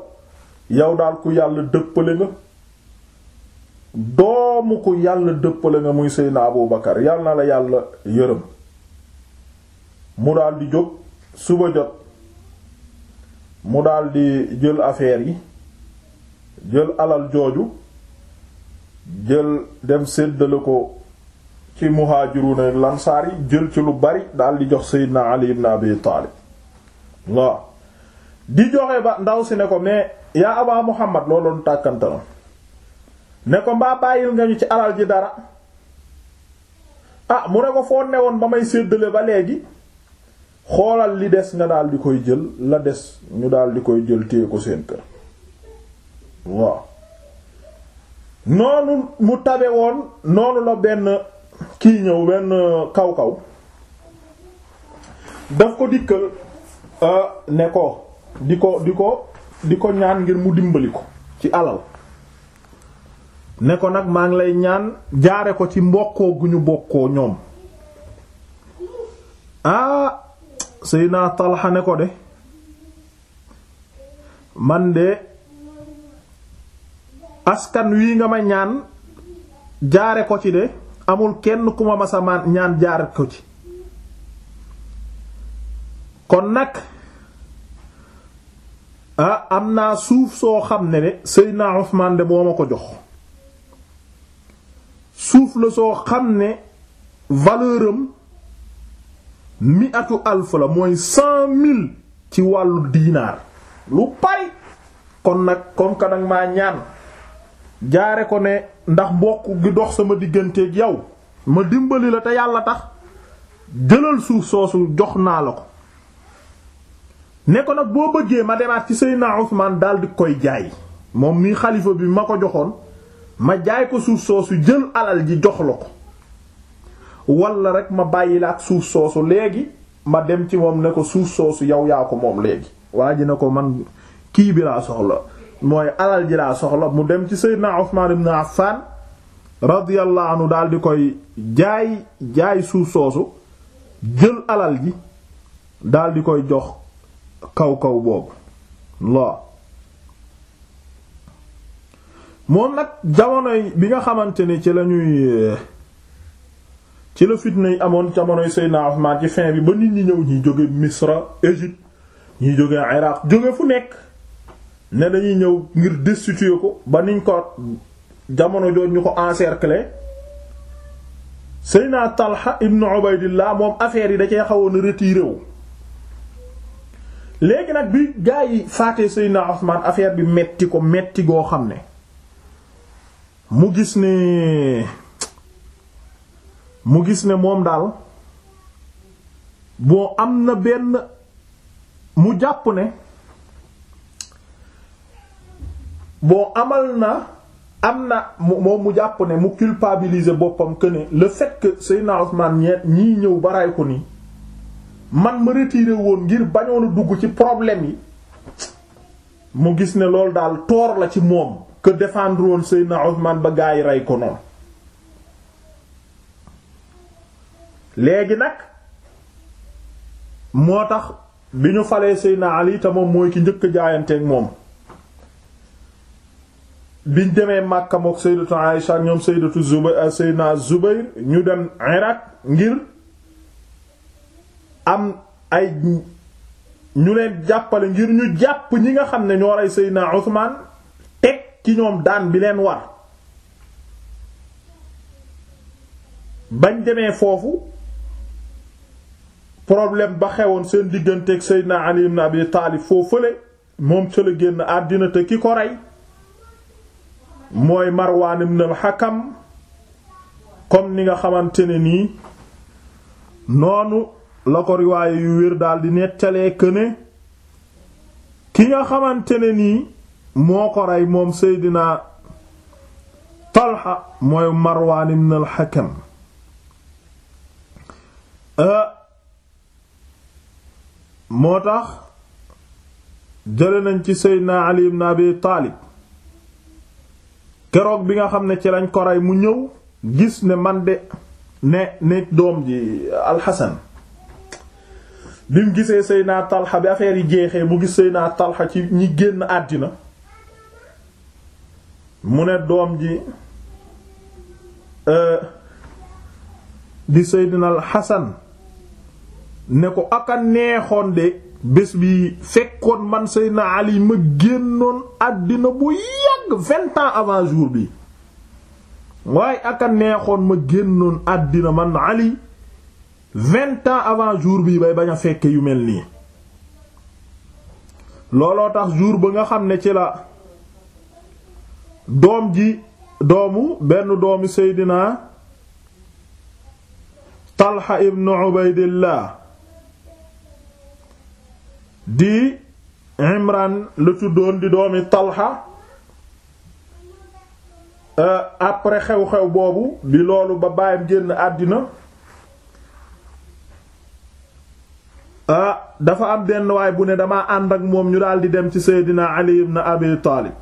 S1: yow daal ku yàlla dëppale nga doomu ku yàlla dëppale nga muy seydina abu bakar yàlla na la yàlla yërëm mu daal di jóg suba jot mu daldi jël affaire yi jël alal jooju jël dem séddale ko ci muhajiruna lansaar yi jël ci lu bari daldi jox Seydina Ali ibn Abi Taalib waaw di joxe ba ndaw si ne ko mais yaa Aba Muhammad looloon tàkkantaloon ne ko mbaa bàyyil nga ñu ci alal ji dara ah mu ne ko foo newoon ba may séddale ba léegi xoolal li des nga daal di koy jël la des ñu daal di koy jël téye ko seen kër waaw noonu mu tabe woon noonu la benn kii ñëw benn kaw kaw daf ko dikkal euh, ne ko di ko di ko di ko ñaan ngir mu dimbali ko ci alal ne ko nag maa ngi lay ñaan jaare ko ci mbokkoo gu ñu bokkoo ñoom ah, Seydina Talha ne ko de man de askan wi nga ma ñaan jaare ko ci de amul kenn ku ma masa ñaan jaare ko ci kon nag ah am naa suuf soo xam ne de Seydina Usmaan de moo ma ko jox suuf la soo xam ne valeur mi'atu alf la mooy cent mille ci wàllu diinaar lu pari kon nag kom que nag ñaan jaare ko ne ndax mbokk gi dox sama digganteeg yow ma dimbali la te yàlla tax jëlal suuf soosu jox naa la ko ne ko nag boo bëggee ma demaat ci Seydina Ousmane daal di koy jaay moom mii xalifa bi ma ko joxoon ma jaay ko suuf soosu jën alal ji jox la ko wala rek ma bàyyi la ak suuf soosu léegi ma dem ci moom ne ko suuf soosu yow yaa ko moom léegi waa ji ne ko man kii bi laa soxla mooy alal ji laa soxla mu dem ci Seydina Usmaan ibn Affan radiyallahu anhu daal di koy jaay jaay suuf soosu jël alal ji daal di koy jox kaw kaw boobu moom nag jamonoy bi nga xamante ni ci lañuy ci la fitna yi amoon jamonoy Seydina Usmaan ci fin bi ba nit ñi ñëw ñi jóge Misra Égypte ñuy jóge Iraq jóge fu nekk ne dañuy ñëw ngir destituer ko ba niñ ko jamono jooju ñu ko encercler Seydina Talha ibn Ubaydillah moom affaire yi da cee xawoon retiré wu léegi nag bi gaa yi faatee Seydina Usmaan affaire bi metti ko metti goo xam ne mu gis ne mu gis ne moom daal boo am na benn mu jàpp ne boo amal na am na moom mu jàpp ne mu culpabiliser boppam que ne le fait que Seydina Ousmane ñeet ñii ñëw ba ray ko nii man ma retiré woon ngir bañoon dugg ci problème yi mu gis ne loolu daal toor la ci moom que défendre woon Seydina Ousmane ba gaa yi rey ko noonu léegi nag moo tax bi ñu falee Seydina Ali te moom mooy ki njëkk jaayanteeg moom biñ demee Makka mook Sayyidatu Aïsha ak ñoom Sayyidatu Zubayr euh, Seydina Zubayr ñu dem Irak ngir am ay ñu leen jàppale ngir ñu jàpp ñi nga xam ne ñoo rey Seydina Usmaan teg ci ñoom daan bi leen war bañ demee foofu problème ba xewoon seen digganteeg Seydina Ali ibn Abi Taalib foo fële moom ca génn àddina te ki ko rey mooy Marwaan ibn al-Hakam ni nga xamante ne nii noonu la ko riwaaye yu wér daal di nettalee que ne ki nga xamante ne nii moo ko rey moom Seydina Talha mooy Marwaan ibn al moo tax jële nañ ci seydna ali ibn abi taalib keroog bi nga xam ne ci lañ ko mu ñëw gis ne man de ne ne doom ji alxasan bi gisee seydna talxa bi affaire yi jeexee mu gis seydna talxa ci ñi génn àddina mu ne doom ji euh, di seydna alxasan ne ko aka neexoon de bés bi fekkoon man Seydina Ali ma génnoon àddina bu yàgg avant jour bi waaye aka neexoon ma génnoon àddina man Ali vingt avant jour bi bay bañ a fekke yu mel nii looloo tax jour ba nga xam ne ci la doom ji doomu benn doomi Seydina Talha ibn Ubaydillah di imran la tuddoon di doomi talha euh, après xew-xew boobu bi loolu ba baayam génn àddina euh, dafa am benn waay bu ne dama ànd ak moom ñu daal di dem ci seydina ali ibn abi taalib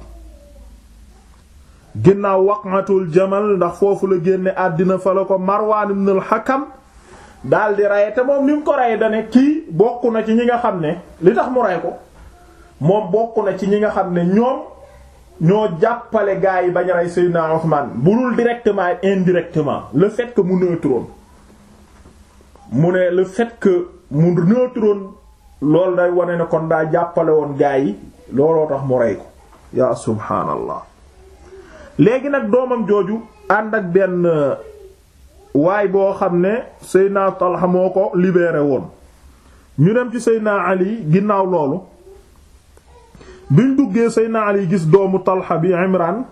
S1: ginnaaw waqatul jamal ndax foofu la génne àddina fa la ko marwaan ibn al daal di rey te moom ni mu ko rey da ne kii bokk na ci ñi nga xam ne li tax mu rey ko moom bokk na ci ñi nga xam ne ñoom ñoo jàppale gaa yi bañ rey Seydina Ousmane bu dul directement indirectement le fait que mu neutroon mu ne le fait que mu neutroon loolu day wane ne kon daa jàppale woon gaa yi looloo tax mu rey ko yaa subhaanallah léegi nag doomam jooju ànd ak benn. waay boo xam ne Seydina Talha moo ko libéré woon ñu dem ci Seydina Ali ginnaaw loolu biñ duggee Seydina Ali gis doomu Talha bi Imran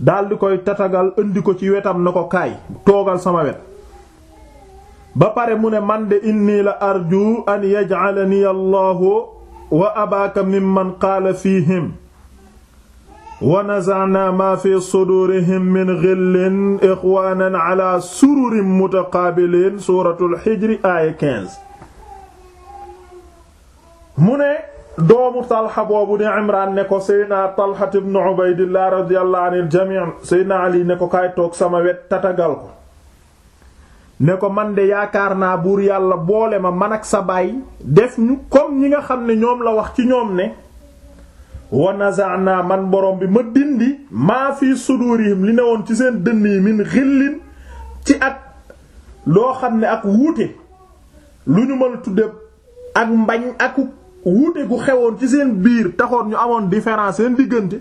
S1: daldi koy tatagal indi ko ci wetam na ko kaay toogal sama wet ba pare mu ne man de inni la arju an yaj'alani Allahu wa abaka mimman qaala fihim wa naza'naa maa fi suduurihim min ghillin ixwaanan ala suuratul xijri mu ne doomu talxa boobu di Imraan ne ko Seydina Talxa ibn Ubaydillah radiyallahu anil jamii' Seydina Ali ne ko kaay toog sama wet tatagal ko. ne ko man de yaakaar naa buur yàlla boole ma man ak sa baay def ñu comme ñi nga xam ne ñoom la wax ci ñoom ne. wa naza'na man borom bi ma dindi maa fi sudurihim li ne woon ci seen dënn yi min xillin ci ak loo xam ne ak wuute lu ñu mën a tudde ak mbañ ak wuute gu xewoon ci seen biir taxoon ñu amoon différence seen diggante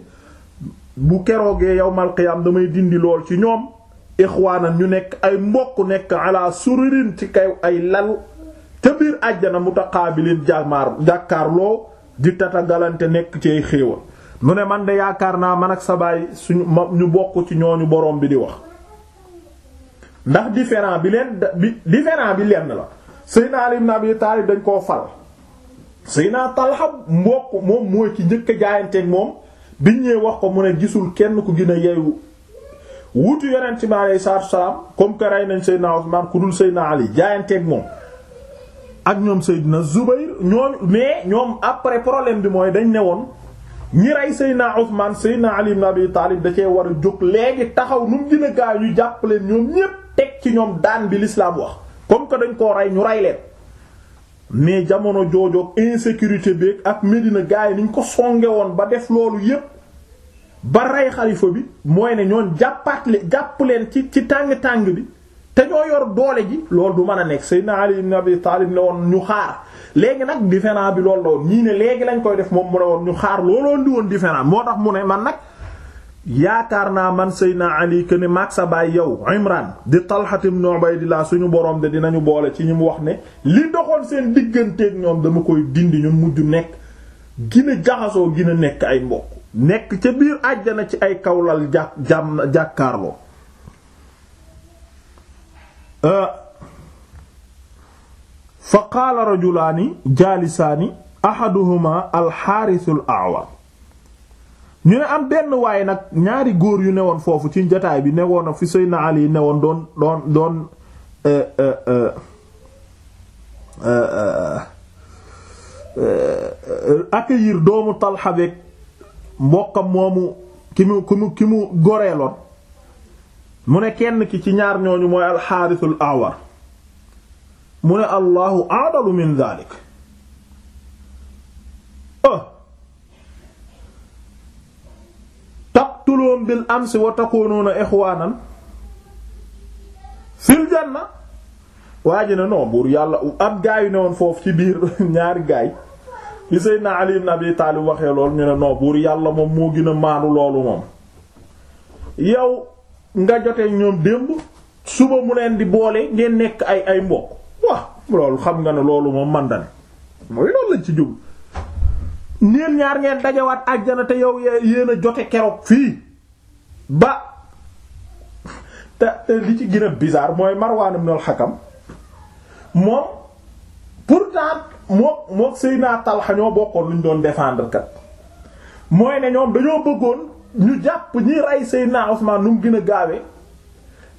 S1: bu keroogee yawmal qiyaam damay dindi lool ci ñoom ixwaanan ñu nekk ay mbokk nekk ala sururin ci kaw ay lal ca biir àjjana mutaqaabilin jàmmaar jàkkaarloo di tatagalante nekk ci ay xéewal mu ne man de yaakaar naa man ak sa suñu ma ñu bokk ci ñooñu boroom bi di wax ndax différent bi leen bi différent bi lenn la Seydina Ali ibn Abi Taalib dañ koo fal Seydina Talha mbokk moom mooy ci njëkk jaayanteeg moom biñ ñëwee wax ko mu ne gisul kenn ku gën a yeewu wuutu yonent bi alayhi salaatu wa salaam comme que rey nañ Seydina Usmaan dul Seydina Ali jaayanteeg moom ak ñoom Seydina Zubayr ñoom mais ñoom après problème bi mooy dañ ne woon ñi rey Seydina Ousmane Seydina Ali ibn Abi Talib da cee war a jóg léegi taxaw nu mu gën a gaaw ñu jàpp leen ñoom ñépp teg ci ñoom daan bi l'islam wax comme que dañ koo rey ñu rey leen mais jamono joojoog insécurité bi ak Medina gars yi niñ ko songe woon ba def loolu yépp ba rey xalifa bi mooy ne ñoon jàppaat le jàpp leen ci ci tàng-tàng bi te ñoo yor doole ji loolu du mën a nekk Seydina Ali ibn Abi Talib ne woon ñu xaar léegi nag différent bi loolu la woon ñii ne léegi lañ koy def moom mu ne woon ñu xaar looloon di woon différent moo tax mu ne man nag yaakaar naa man Seydina Ali que ne maag sa baay yow Imran di Talha ibn Ubaydillah suñu borom de dinañu boole ci ñu mu wax ne li doxoon seen digganteeg ñoom dama koy dindi ñu mujj nekk gina jaxasoo gina nekk ay mbokk nekk ca biir na ci ay kawlal ja jàmm jàkkaarloo fa qaala rajulaani jaalisaani ahaduhuma alxaarisul awar ñu ne am benn waaye nag ñaari góor yu newoon foofu ci njataay bi newoon fi Seydina Ali newoon doon doon doon eh, eh, eh, accueillir doomu Talxa mbokkam moomu ki mu ki mu ki mu goreeloon mu ne kenn ki ci ñaar ñooñu mooy alxaarisul awar mu ne allahu adalu min dalik taqtuluhum bil amsi wa takunuuna ixwaanan fil janna waa ji ne non buur yàlla ab gaayu ne woon foofu ci biir ñaari gaay yi Seydina Ali ibn Taalib waxee loolu ñu ne non buur yàlla moom moo gën maanu loolu moom yow nga jotee ñoom démb suba mu leen di boole ngeen nekk ay ay mbokk waa loolu xam nga ne loolu moom man da ne mooy loolu lañ ci jub ñeen ñaar ngeen dajawaat àjjana te yow yéen a jote keroog fii ba te li ci gën a mooy Marwan ibn al-Hakam moom pourtant mook mook Seydina Talha ñoo bokkoon lu ñu doon défendre kat mooy ne ñoom dañoo bëggoon ñu jàpp ñi rey Seydina Usmaan nu mu gën a gaawe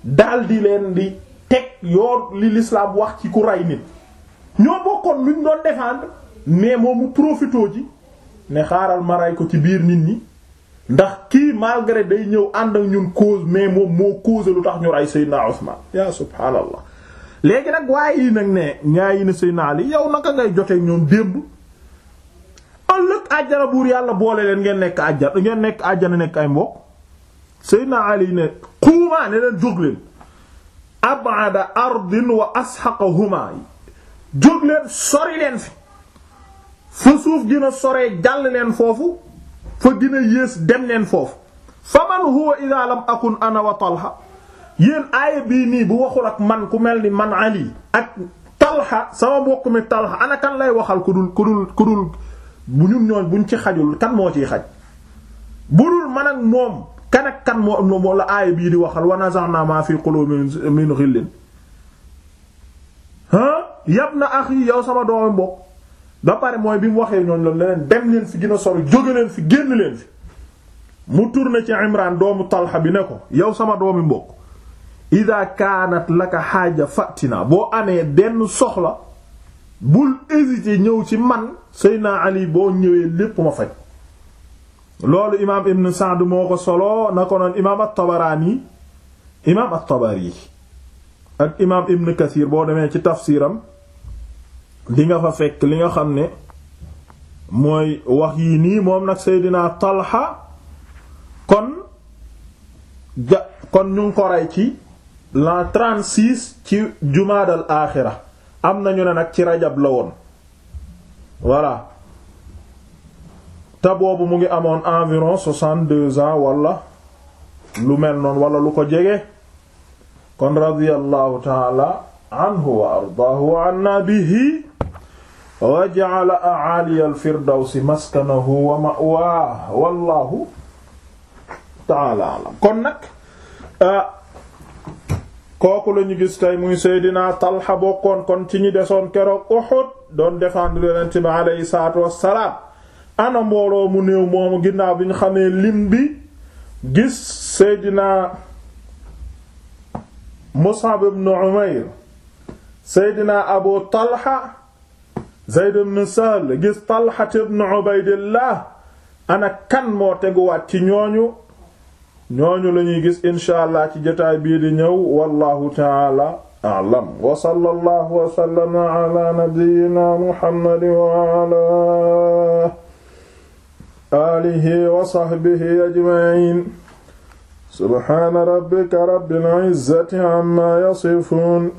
S1: daal di leen di teg yoor li l'islam wax ci ku rey nit ñoo bokkoon luñ doon défendre mais moom mu profitoo ji ne xaaral ma rey ko ci biir nit ñi ndax kii malgré day ñëw ànd ak ñun cause mais moom moo cause lu tax ñu rey Seydina Usmaan ya subhaanallah léegi nag waaye yi nag ne ñaa yi ne Seydina yow naka ngay jotee ñoom démb ëllëg àjjana buur yàlla boole leen ngeen nekk àjjana ngeen nekk àjjana nekk ay mbokk Seydina Ali ne xuumaa ne leen jóg leen abada ardin wa asxaqahuma jóg sori leen fi fa suuf gën a jàll leen foofu fa gën a yées dem leen foofu fa man huwa idha lam akun ana wa talha yéen aaya bii nii bu waxul ak man ku mel ni man Ali ak talha sama mbokk mi talha ana kan lay waxal ku dul bu ñun ñooñ buñ ci xajul kan moo ciy xaj bu dul man ak moom kan ak kan moo moo la aaya bii di waxal wa naza'na ma fi qulubihim min ghillin yab na axi yow sama doomi mbokk da pare mooy bi mu waxee ñooñ la leneen dem leen fi gën a jóge leen fi génn leen fi mu tourné ci Imran doomu Talha bi ne ko yow sama doomi mbokk ida kaanat laka xaaja fatina boo amee denn soxla bul hésiter ñëw ci man Seydina Ali boo ñëwee lépp ma faj loolu imaam Ibn Sa'd moo ko solo na ko noon imaam at-Tabaraani imaam at-Tabari ak imaam Ibn Kathir boo demee ci tafsiram di fa fekk li nga xam ne mooy wax yii nii moom nag Seydina Talha kon ja kon ñu ngi ko rey ci l'an 36 ci jumaadal aaxira am nañu ne nag ci rajab la woon voilà te boobu mu ngi amoon environ soixante-deux ans wala lu mel noon walla lu ko jege kon radiyallahu taala anhu wa ardaahu wa anna bihi wa ja'ala a'ali al-firdawsi maskanahu wa ma'waahu wallahu taala alam kon nag ah, kooku lañu gis tey muy Seydina Talha bokkoon kon ci ñi desoon keroog Uhud doon défendre yonent bi aleyhi wassalaam ana mbooloo mu néew moomu ginnaaw bi ñu xamee lim bi gis Seydina Mus'ab ibn Umayr Seydina Abu Talha Zayd ibn Sahl gis Talha ibn Ubaydillah ana kan moo teguwaat ci ñooñu ñooñu la ñuy gis incha allah ci jotaay bii di ñëw wallahu taala a'lam wa sallallahu wa sallama ala nabiyyina muhammad wa ala alihi wa sahbihi ajma'in subhana rabbika rabbil izzati amma yasifun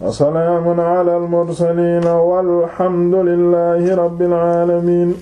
S1: wa salaamun ala al mursalin walhamdulillahi rabbil alamin